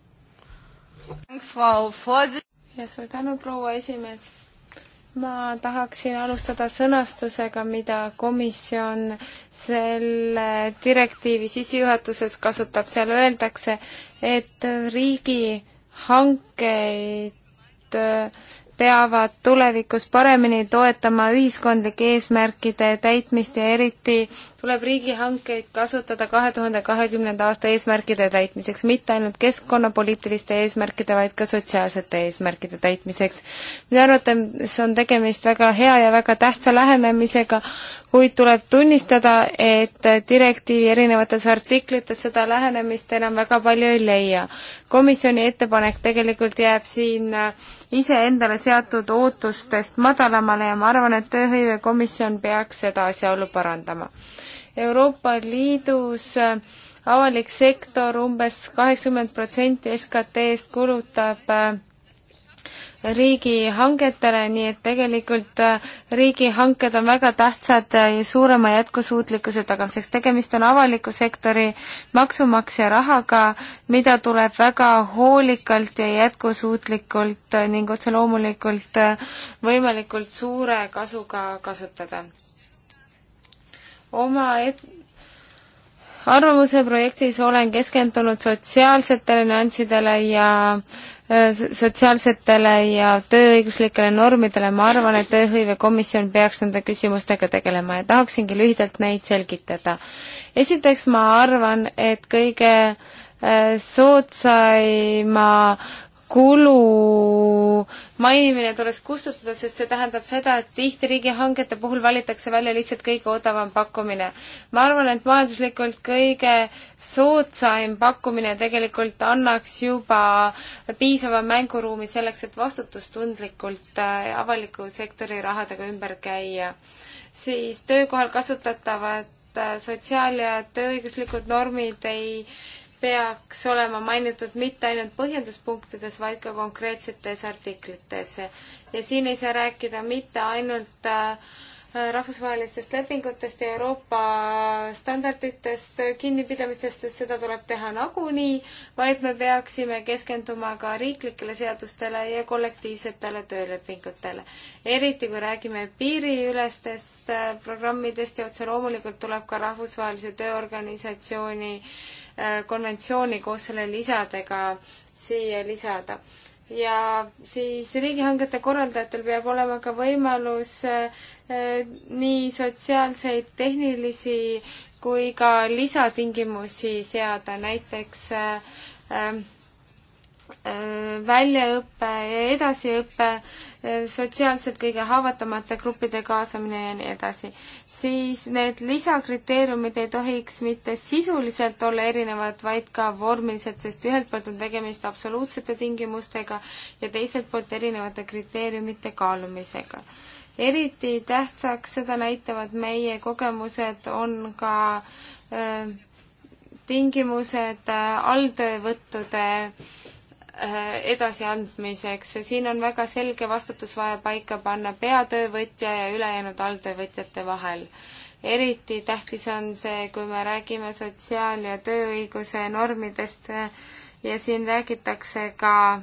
[SPEAKER 3] ja suur tänu, proua esimees ma tahaksin alustada sõnastusega, mida komisjon selle direktiivi sissejuhatuses kasutab, seal öeldakse, et riigihankeid peavad tulevikus paremini toetama ühiskondlike eesmärkide täitmist ja eriti tuleb riigihankeid kasutada kahe tuhande kahekümnenda aasta eesmärkide täitmiseks, mitte ainult keskkonnapoliitiliste eesmärkide, vaid ka sotsiaalsete eesmärkide täitmiseks. minu arvates on tegemist väga hea ja väga tähtsa lähenemisega, kuid tuleb tunnistada, et direktiivi erinevates artiklites seda lähenemist enam väga palju ei leia. komisjoni ettepanek tegelikult jääb siin iseendale seatud ootustest madalamale ja ma arvan, et tööhõivekomisjon peaks seda asjaolu parandama. Euroopa Liidus äh, avalik sektor umbes kaheksakümmend protsenti SKT-st kulutab äh, riigihangetele, nii et tegelikult äh, riigihanked on väga tähtsad äh, suurema jätkusuutlikkuse tagamiseks. tegemist on avaliku sektori maksumaksja rahaga, mida tuleb väga hoolikalt ja jätkusuutlikult äh, ning otse loomulikult võimalikult suure kasuga kasutada. oma et-, arvamuse projektis olen keskendunud sotsiaalsetele nüanssidele ja Äh, sotsiaalsetele ja tööõiguslikele normidele, ma arvan, et tööhõivekomisjon peaks nende küsimustega tegelema ja tahaksingi lühidalt neid selgitada. esiteks ma arvan, et kõige äh, soodsaima kulu mainimine tuleks kustutada, sest see tähendab seda, et tihti riigihangete puhul valitakse välja lihtsalt kõige odavam pakkumine. ma arvan, et majanduslikult kõige soodsaim pakkumine tegelikult annaks juba piisava mänguruumi selleks, et vastutustundlikult äh, avaliku sektori rahadega ümber käia. siis töökohal kasutatavad äh, sotsiaal- ja tööõiguslikud normid ei peaks olema mainitud mitte ainult põhjenduspunktides, vaid ka konkreetsetes artiklites. ja siin ei saa rääkida mitte ainult äh, rahvusvahelistest lepingutest ja Euroopa standarditest kinnipidamistest, sest seda tuleb teha nagunii, vaid me peaksime keskenduma ka riiklikele seadustele ja kollektiivsetele töölepingutele. eriti kui räägime piiriülestest äh, programmidest ja otse loomulikult tuleb ka rahvusvahelise tööorganisatsiooni äh, Äh, konventsiooni koos selle lisadega siia lisada. ja siis riigihangete korraldajatel peab olema ka võimalus äh, nii sotsiaalseid, tehnilisi kui ka lisatingimusi seada, näiteks äh, äh Äh, väljaõpe ja edasiõpe, äh, sotsiaalselt kõige haavatavamate gruppide kaasamine ja nii edasi, siis need lisakriteeriumid ei tohiks mitte sisuliselt olla erinevad, vaid ka vormiliselt, sest ühelt poolt on tegemist absoluutsete tingimustega ja teiselt poolt erinevate kriteeriumite kaalumisega. eriti tähtsaks, seda näitavad meie kogemused, on ka öö, äh, tingimused alltöövõttude Äh, edasiandmiseks. siin on väga selge vastutus vaja paika panna peatöövõtja ja ülejäänud alltöövõtjate vahel. eriti tähtis on see, kui me räägime sotsiaal- ja tööõiguse normidest äh, ja siin räägitakse ka äh,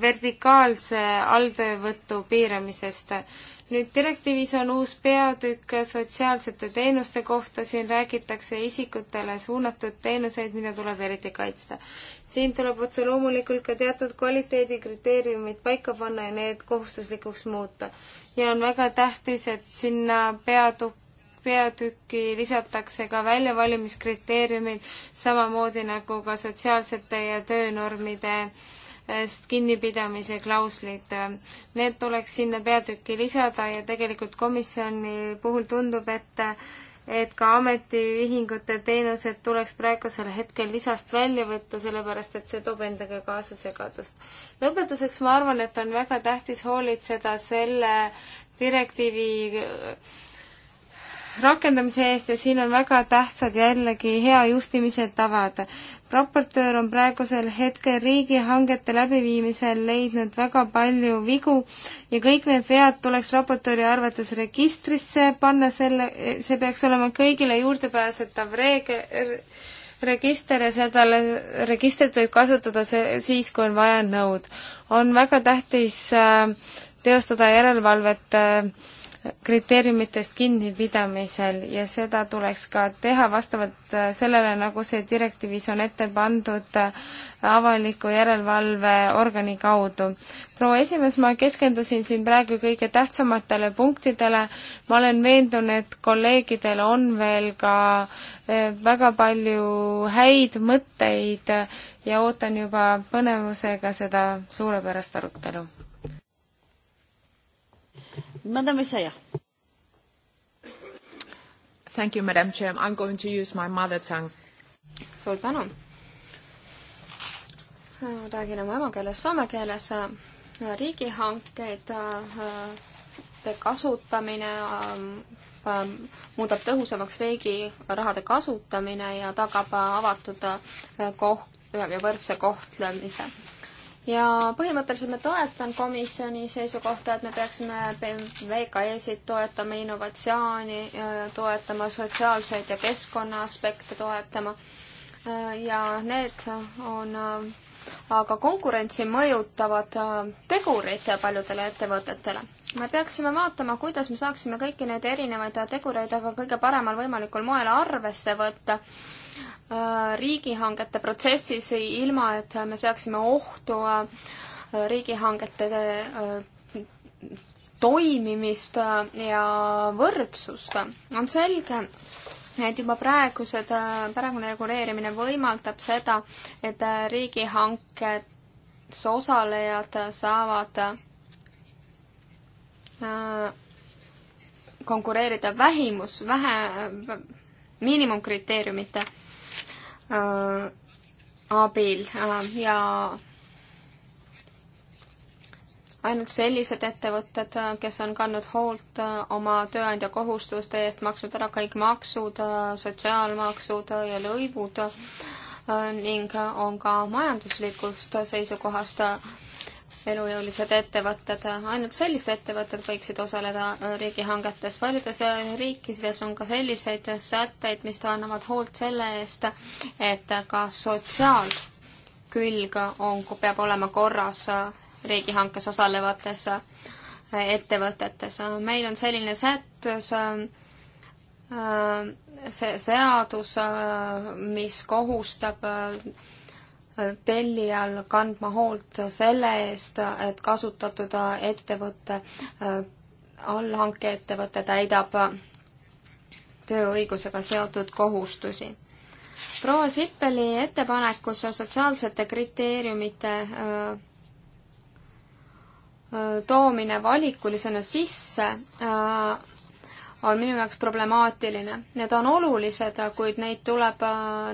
[SPEAKER 3] vertikaalse alltöövõtu piiramisest nüüd direktiivis on uus peatükk sotsiaalsete teenuste kohta, siin räägitakse isikutele suunatud teenuseid, mida tuleb eriti kaitsta. siin tuleb otse loomulikult ka teatud kvaliteedikriteeriumid paika panna ja need kohustuslikuks muuta. ja on väga tähtis, et sinna peatükk peatükki lisatakse ka väljavalimiskriteeriumid, samamoodi nagu ka sotsiaalsete ja töönormide äh, kinnipidamise klauslid. Äh, need tuleks sinna peatükki lisada ja tegelikult komisjoni puhul tundub, et et ka ametiühingute teenused tuleks praegusel hetkel lisast välja võtta, sellepärast et see toob endaga kaasa segadust. lõpetuseks ma arvan, et on väga tähtis hoolitseda selle direktiivi rakendamise eest ja siin on väga tähtsad jällegi hea juhtimise tavad. raportöör on praegusel hetkel riigihangete läbiviimisel leidnud väga palju vigu ja kõik need vead tuleks raportööri arvates registrisse panna, selle, see peaks olema kõigile juurdepääsetav reegel, register ja seda registrit võib kasutada see, siis, kui on vaja nõud. on väga tähtis äh, teostada järelevalvet äh, kriteeriumitest kinnipidamisel ja seda tuleks ka teha vastavalt äh, sellele, nagu see direktiivis on ette pandud äh, avaliku järelevalveorgani kaudu. proua esimees, ma keskendusin siin praegu kõige tähtsamatele punktidele, ma olen veendunud, et kolleegidel on veel ka äh, väga palju häid mõtteid ja ootan juba põnevusega seda suurepärast arutelu. Madam Isaiah. Thank you, Madam Chair. I'm going to use my mother tongue. suur tänu.
[SPEAKER 2] räägin oma emakeeles, soome keeles. riigihankeid äh, kasutamine ähm, muudab tõhusamaks riigi rahade kasutamine ja tagab avatud äh, koht ja võrdse kohtlemise ja põhimõtteliselt ma toetan komisjoni seisukohta, et me peaksime VKE-sid toetama, innovatsiooni äh, toetama, sotsiaalseid ja keskkonna aspekte toetama. Äh, ja need on äh, aga konkurentsi mõjutavad tegurid paljudele ettevõtetele. me peaksime vaatama, kuidas me saaksime kõiki neid erinevaid tegureid aga kõige paremal võimalikul moel arvesse võtta Äh, riigihangete protsessis, ilma et me seaksime ohtu äh, riigihangete äh, toimimist ja võrdsust, on selge, et juba praegused, praegune reguleerimine võimaldab seda, et riigihankes osalejad saavad konkureerida vähimus, vähe, miinimumkriteeriumite Äh, abil äh, ja ainult sellised ettevõtted, äh, kes on kandnud hoolt oma tööandja kohustuste eest, maksnud ära kõik maksud, sotsiaalmaksud ja lõivud ning on ka majanduslikust seisukohast elujõulised ettevõtted, ainult sellised ettevõtted võiksid osaleda riigihangetes. paljudes riikides on ka selliseid sätteid, mis annavad hoolt selle eest, et ka sotsiaalkülg on, peab olema korras riigihankes osalevates ettevõtetes. meil on selline sättus äh, see seadus, äh, mis kohustab äh, tellijal kandma hoolt selle eest, et kasutatud ettevõte, allhankeettevõte täidab tööõigusega seotud kohustusi. proua Sippeli ettepanekus sotsiaalsete kriteeriumite toomine valikulisena sisse on minu jaoks problemaatiline. Need on olulised, kuid neid tuleb,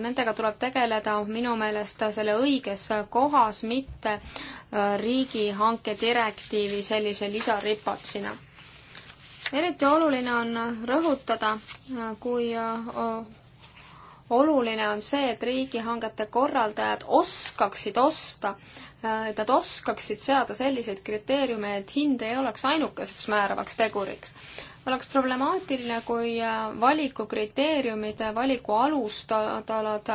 [SPEAKER 2] nendega tuleb tegeleda minu meelest selle õiges kohas, mitte äh, riigihanke direktiivi sellise lisaripatsina. eriti oluline on rõhutada, äh, kui äh, oluline on see, et riigihangete korraldajad oskaksid osta Äh, et nad oskaksid seada selliseid kriteeriume, et hind ei oleks ainukeseks määravaks teguriks. oleks problemaatiline, kui äh, valikukriteeriumid, äh, valiku alustalad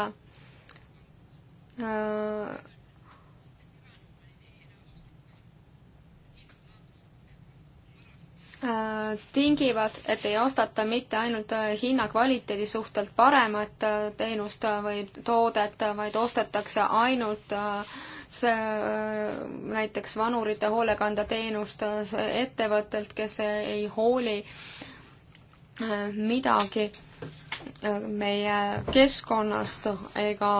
[SPEAKER 2] tingivad, et ei ostata mitte ainult hinnakvaliteedi suhtelt paremat teenust või toodet, vaid ostetakse ainult äh, see äh, näiteks vanurite hoolekandeteenust äh, ettevõttelt, kes ei hooli äh, midagi meie keskkonnast ega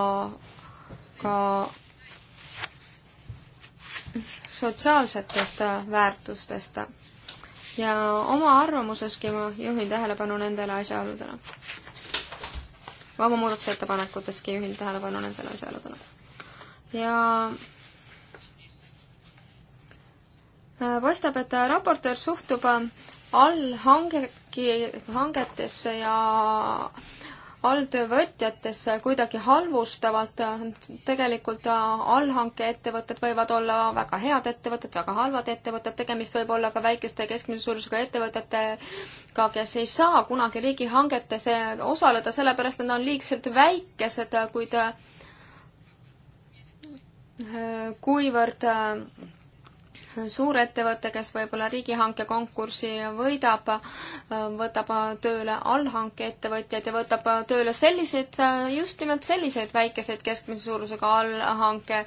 [SPEAKER 2] ka sotsiaalsetest väärtustest. ja oma arvamuseski ma juhin tähelepanu nendele asjaoludele. oma muudatusettepanekuteski juhin tähelepanu nendele asjaoludele ja äh, paistab, et raportöör suhtub äh, allhange, hangetesse ja alltöövõtjatesse kuidagi halvustavalt, tegelikult äh, allhankeettevõtted võivad olla väga head ettevõtted, väga halvad ettevõtted, tegemist võib olla ka väikeste ja keskmise suurusega ettevõtetega, kes ei saa kunagi riigihangetes osaleda, sellepärast et nad on liigselt väikesed, kuid kuivõrd äh, suurettevõte, kes võib-olla riigihanke konkursi võidab, äh, võtab tööle allhankeettevõtjaid ja võtab tööle selliseid, äh, just nimelt selliseid väikeseid keskmise suurusega allhanke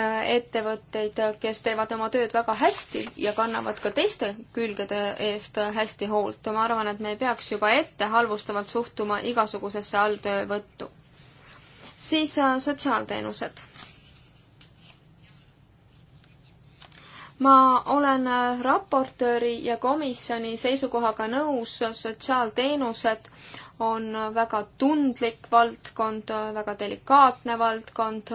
[SPEAKER 2] ettevõtteid, kes teevad oma tööd väga hästi ja kannavad ka teiste külgede eest hästi hoolt. ma arvan, et me ei peaks juba ette halvustavalt suhtuma igasugusesse alltöövõttu. siis sotsiaalteenused ma olen äh, raportööri ja komisjoni seisukohaga nõus, sotsiaalteenused on äh, väga tundlik valdkond, äh, väga delikaatne valdkond,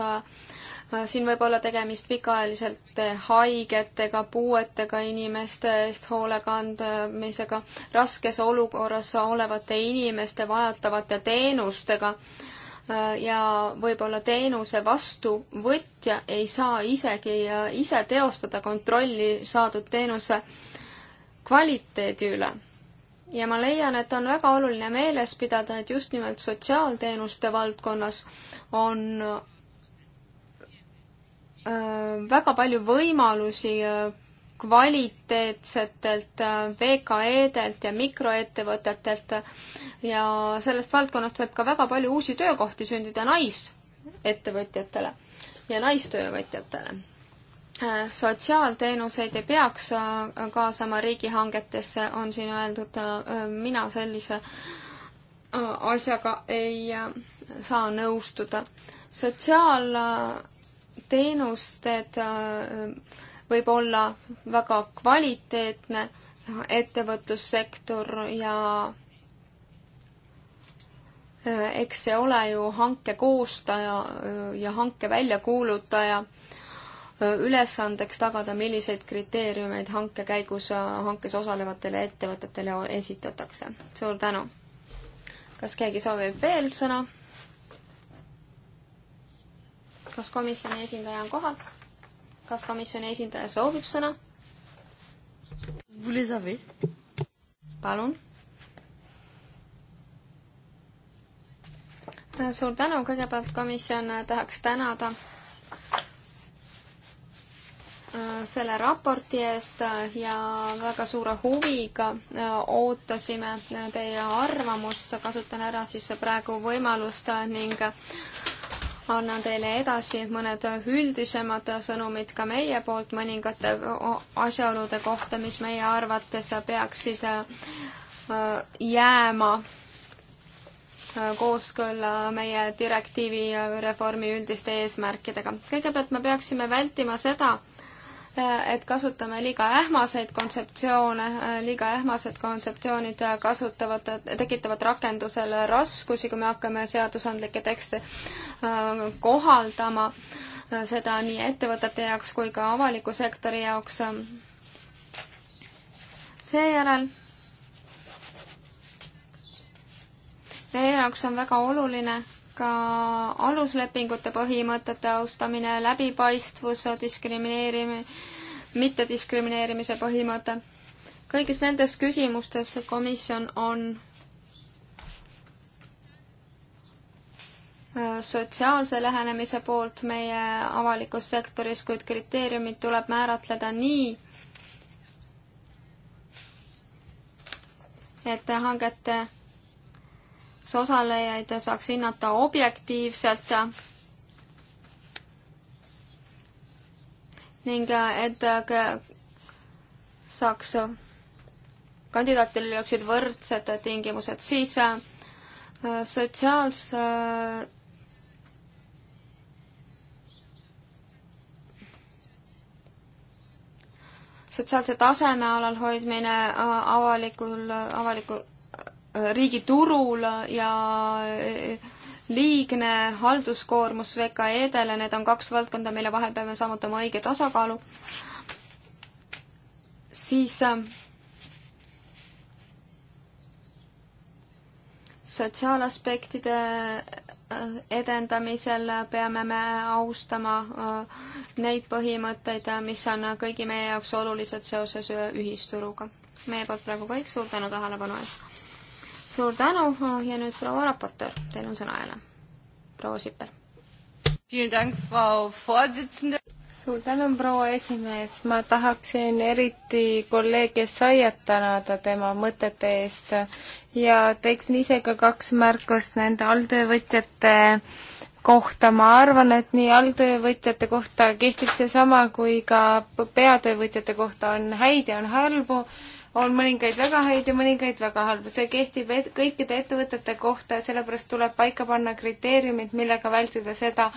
[SPEAKER 2] siin võib olla tegemist pikaajaliselt haigetega, puuetega inimeste eest hoolekandmisega, raskes olukorras olevate inimeste vajatavate teenustega Äh, ja võib-olla teenuse vastuvõtja ei saa isegi äh, ise teostada kontrolli saadud teenuse kvaliteedi üle. ja ma leian, et on väga oluline meeles pidada, et just nimelt sotsiaalteenuste valdkonnas on äh, väga palju võimalusi kvaliteetsetelt äh, VKE-delt ja mikroettevõtetelt ja sellest valdkonnast võib ka väga palju uusi töökohti sündida naisettevõtjatele ja naistöövõtjatele. Äh, sotsiaalteenuseid ei peaks äh, kaasama riigihangetesse, on siin öeldud, mina sellise asjaga ei saa nõustuda. sotsiaalteenusted äh, võib olla väga kvaliteetne ettevõtlussektor ja äh, eks see ole ju hanke koostaja äh, ja hanke väljakuulutaja äh, ülesandeks tagada, milliseid kriteeriumeid hanke käigus hankes osalevatele ettevõtetele esitatakse. suur tänu! kas keegi soovib veel sõna? kas komisjoni esindaja on kohal? kas komisjoni esindaja soovib sõna? palun. suur tänu, kõigepealt komisjon tahaks tänada äh, selle raporti eest äh, ja väga suure huviga äh, ootasime teie arvamust, kasutan ära siis praegu võimalust ning annan teile edasi mõned üldisemad sõnumid ka meie poolt mõningate asjaolude kohta, mis meie arvates peaksid äh, jääma äh, kooskõlla meie direktiivi reformi üldiste eesmärkidega. kõigepealt me peaksime vältima seda, et kasutame liiga ähmaseid kontseptsioone, liiga ähmased kontseptsioonid kasutavad, tekitavad rakendusele raskusi, kui me hakkame seadusandlikke tekste äh, kohaldama, äh, seda nii ettevõtete jaoks kui ka avaliku sektori jaoks. seejärel meie jaoks on väga oluline ka aluslepingute põhimõtete austamine, läbipaistvus, diskrimineerimine, mittediskrimineerimise põhimõte. kõigis nendes küsimustes komisjon on äh, sotsiaalse lähenemise poolt meie avalikus sektoris, kuid kriteeriumid tuleb määratleda nii, et hangete osalejaid saaks hinnata objektiivselt ning et saaks, kandidaatidel oleksid võrdsed tingimused, siis äh, sotsiaalse sotsiaalse taseme alal hoidmine äh, avalikul, avalikul riigi turul ja liigne halduskoormus VKE-dele, need on kaks valdkonda, mille vahel peame saavutama õige tasakaalu, siis ähm, sotsiaalaspektide äh, edendamisel peame me austama äh, neid põhimõtteid, mis on kõigi meie jaoks olulised seoses ühisturuga. meie poolt praegu kõik, suur tänu tähelepanu eest! suur tänu ja nüüd proua raportöör, teil on sõna jälle. proua Sipper.
[SPEAKER 3] suur tänu, proua esimees, ma tahaksin eriti kolleeg Essayat tänada tema mõtete eest ja teeksin ise ka kaks märkust nende alltöövõtjate kohta, ma arvan, et nii alltöövõtjate kohta kehtib seesama kui ka peatöövõtjate kohta on häid ja on halbu on mõningaid väga häid ja mõningaid väga halbu. see kehtib et kõikide ettevõtete kohta ja sellepärast tuleb paika panna kriteeriumid, millega vältida seda,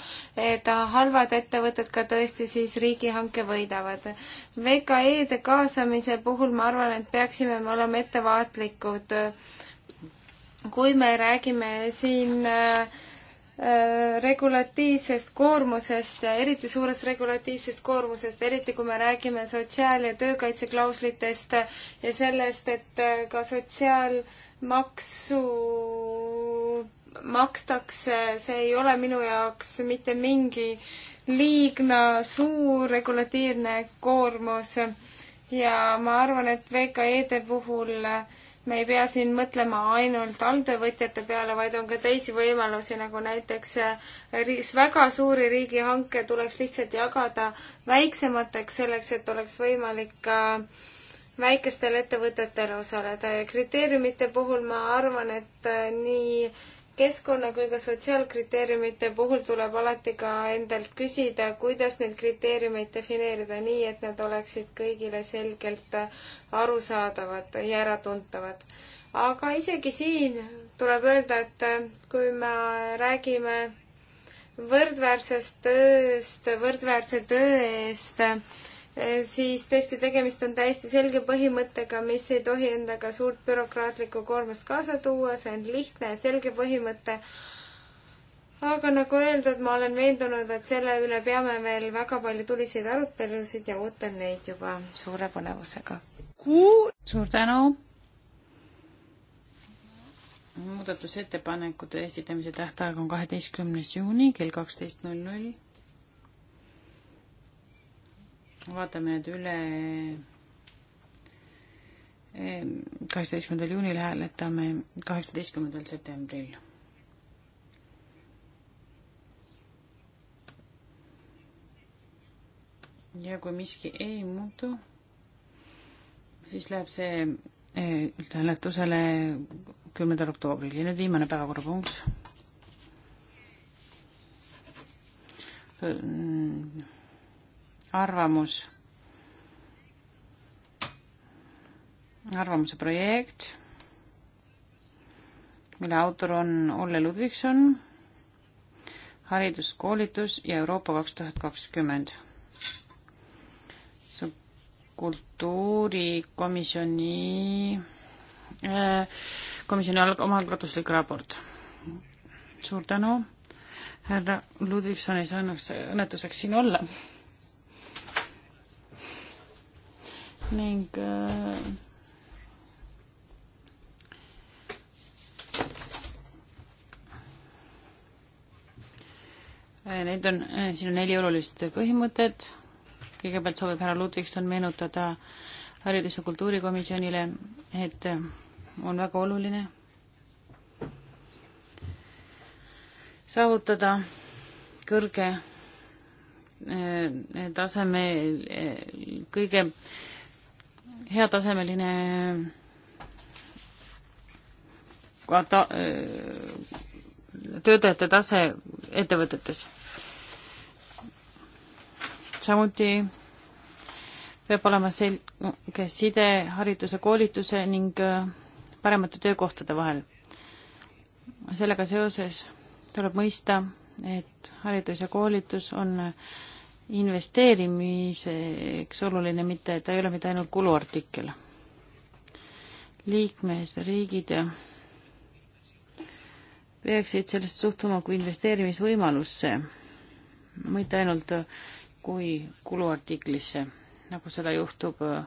[SPEAKER 3] et halvad ettevõtted ka tõesti siis riigihanke võidavad. VKE-de kaasamise puhul ma arvan, et peaksime me olema ettevaatlikud. kui me räägime siin äh, Äh, regulatiivsest koormusest ja eriti suurest regulatiivsest koormusest, eriti kui me räägime sotsiaal- ja töökaitseklauslitest ja sellest, et äh, ka sotsiaalmaksu makstakse, see ei ole minu jaoks mitte mingi liigna suur regulatiivne koormus ja ma arvan, et VKE-de puhul äh, me ei pea siin mõtlema ainult alltöövõtjate peale, vaid on ka teisi võimalusi, nagu näiteks eh, väga suuri riigihanke tuleks lihtsalt jagada väiksemateks, selleks et oleks võimalik ka väikestel ettevõtetel osaleda ja kriteeriumite puhul ma arvan, et eh, nii keskkonna kui ka sotsiaalkriteeriumite puhul tuleb alati ka endalt küsida, kuidas neid kriteeriumeid defineerida nii, et nad oleksid kõigile selgelt arusaadavad ja äratuntavad. aga isegi siin tuleb öelda, et kui me räägime võrdväärsest tööst, võrdväärse töö eest, Eh, siis tõesti tegemist on täiesti selge põhimõttega, mis ei tohi endaga suurt bürokraatlikku koormust kaasa tuua, see on lihtne ja selge põhimõte. aga nagu öeldud, ma olen veendunud, et selle üle peame veel väga palju tuliseid arutelusid ja ootan neid juba suure põnevusega. suur tänu! muudatusettepanekute
[SPEAKER 1] esitamise tähtaeg on kaheteistkümnes juuni kell kaksteist null null vaatame need üle ehm, kaheksateistkümnendal juunil hääletame, kaheksateistkümnendal septembril. ja kui miski ei muutu, siis läheb see eh, üldhääletusele kümnendal oktoobril ja nüüd viimane päevakorrapunkt äh, arvamus, arvamuse projekt, mille autor on Olle Ludvigson, haridus, koolitus ja Euroopa kaks tuhat kakskümmend. see on kultuurikomisjoni, äh, komisjoni alg-, omaalgatuslik raport. suur tänu, härra Ludvigson ei saanud õnnetuseks siin olla ning äh, äh, Need on, äh, siin on neli olulist põhimõtet. kõigepealt soovib härra Ludvigson meenutada haridus- ja kultuurikomisjonile, et on väga oluline saavutada kõrge taseme kõige heatasemeline ta, töötajate tase ettevõtetes. samuti peab olema selge side hariduse, koolituse ning paremate töökohtade vahel. sellega seoses tuleb mõista, et haridus ja koolitus on investeerimiseks oluline mitte, ta ei ole mitte ainult kuluartikkel. liikmesriigid peaksid sellest suhtuma kui investeerimisvõimalusse, mitte ainult kui kuluartiklisse, nagu seda juhtub äh,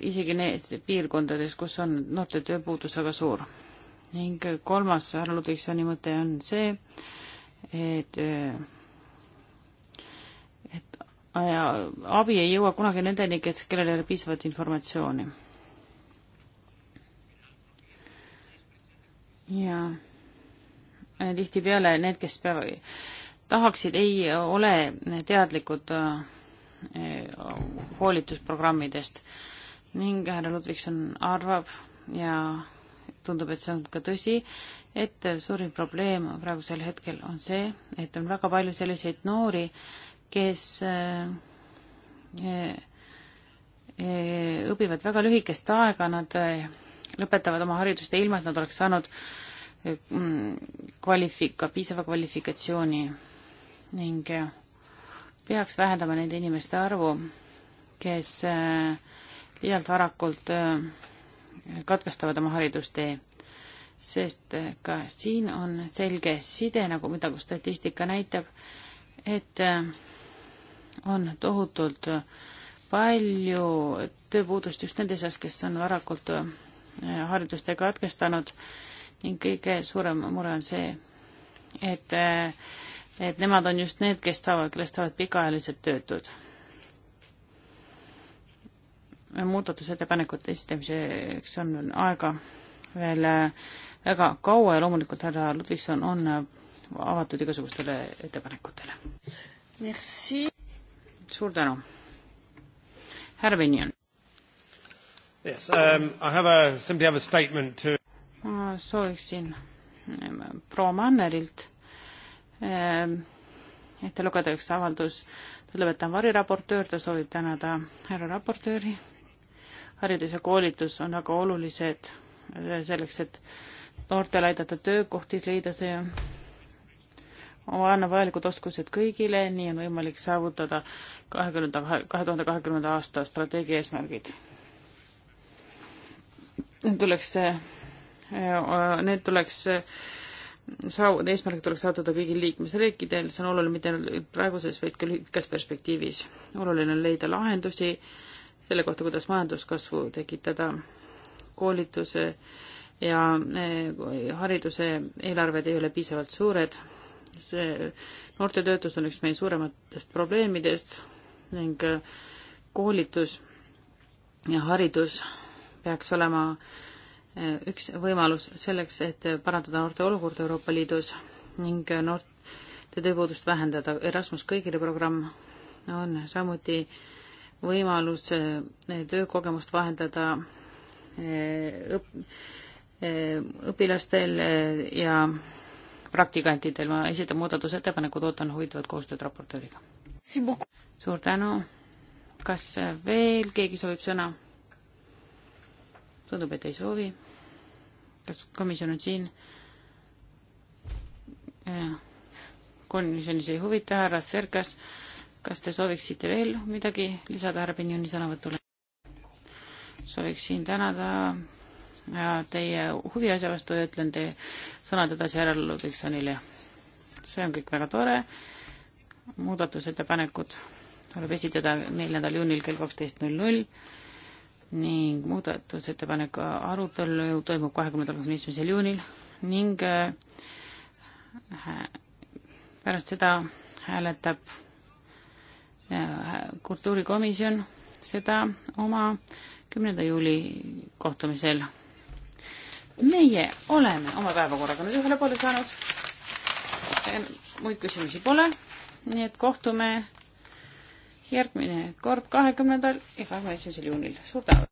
[SPEAKER 1] isegi neis piirkondades, kus on noorte tööpuudus väga suur. ning kolmas härra Ludvigsoni mõte on see, et äh, abi ei jõua kunagi nendeni, kes, kellel ei ole piisavalt informatsiooni. ja äh, tihtipeale need, kes peavad, tahaksid, ei ole teadlikud koolitusprogrammidest äh, äh, ning härra Ludvigson arvab ja tundub, et see on ka tõsi, et suurim probleem praegusel hetkel on see, et on väga palju selliseid noori, kes äh, äh, äh, õpivad väga lühikest aega, nad lõpetavad oma haridust ilma, et nad oleks saanud mm, kvalifika, piisava kvalifikatsiooni ning peaks vähendama nende inimeste arvu, kes liialt varakult katkestavad oma haridustee. sest ka siin on selge side, nagu mida statistika näitab, et on tohutult palju tööpuudust just nende seas, kes on varakult äh, haridustega katkestanud ning kõige suurem mure on see, et, äh, et nemad on just need, kes saavad, kellest saavad pikaajalised töötud. muudatusettepanekute esitamiseks on aega veel äh, väga kaua ja loomulikult härra Ludvigson on avatud igasugustele ettepanekutele. Merci suur tänu. härra Benjan. Yes, um, I have a, simply have a statement to ma sooviksin ähm, proua Mannerilt ähm, ette lugeda üks avaldus. ta ütleb, et ta on variraportöör, ta soovib tänada härra raportööri. haridus ja koolitus on väga olulised äh, selleks, et noortele aidata töökohti leida, see annab vajalikud oskused kõigile, nii on võimalik saavutada kahekümnenda, kahe tuhande kahekümnenda aasta strateegia eesmärgid. tuleks, need tuleks eh, eh, saavutada, eesmärk tuleks saavutada kõigil liikmesriikidel, see on oluline mitte ainult praeguses, vaid ka lühikas perspektiivis. oluline on leida lahendusi selle kohta, kuidas majanduskasvu tekitada, koolituse ja eh, hariduse eelarved ei ole piisavalt suured see noortetöötus on üks meie suurematest probleemidest ning äh, koolitus ja haridus peaks olema äh, üks võimalus selleks, et parandada noorte olukorda Euroopa Liidus ning äh, noorte tööpuudust vähendada. Erasmus kõigile programm on samuti võimalus töökogemust vahendada õp-, õpilastel ja praktikantidel. ma esitan muudatusettepanekud, ootan huvitavat koostööd raportööriga. suur tänu. kas veel keegi soovib sõna? tundub, et ei soovi. kas komisjon on siin? komisjonis ei huvita, härra Serkas, kas te sooviksite veel midagi lisada härra Benjoni sõnavõtule? sooviksin tänada teie huvi asja vastu ja ütlen teie sõnad edasi härra Ludvigsonile. see on kõik väga tore. muudatusettepanekud tuleb esitada neljandal juunil kell kaksteist null null ning muudatusettepaneku arutelu toimub kahekümnendal, kahekümne esimesel juunil ning äh, pärast seda hääletab äh, kultuurikomisjon seda oma kümnenda juuli kohtumisel meie oleme oma päevakorraga nüüd ühele poole saanud. muid küsimusi pole, nii et kohtume järgmine kord kahekümnendal ja kahekümne esimesel juunil. suur tänu!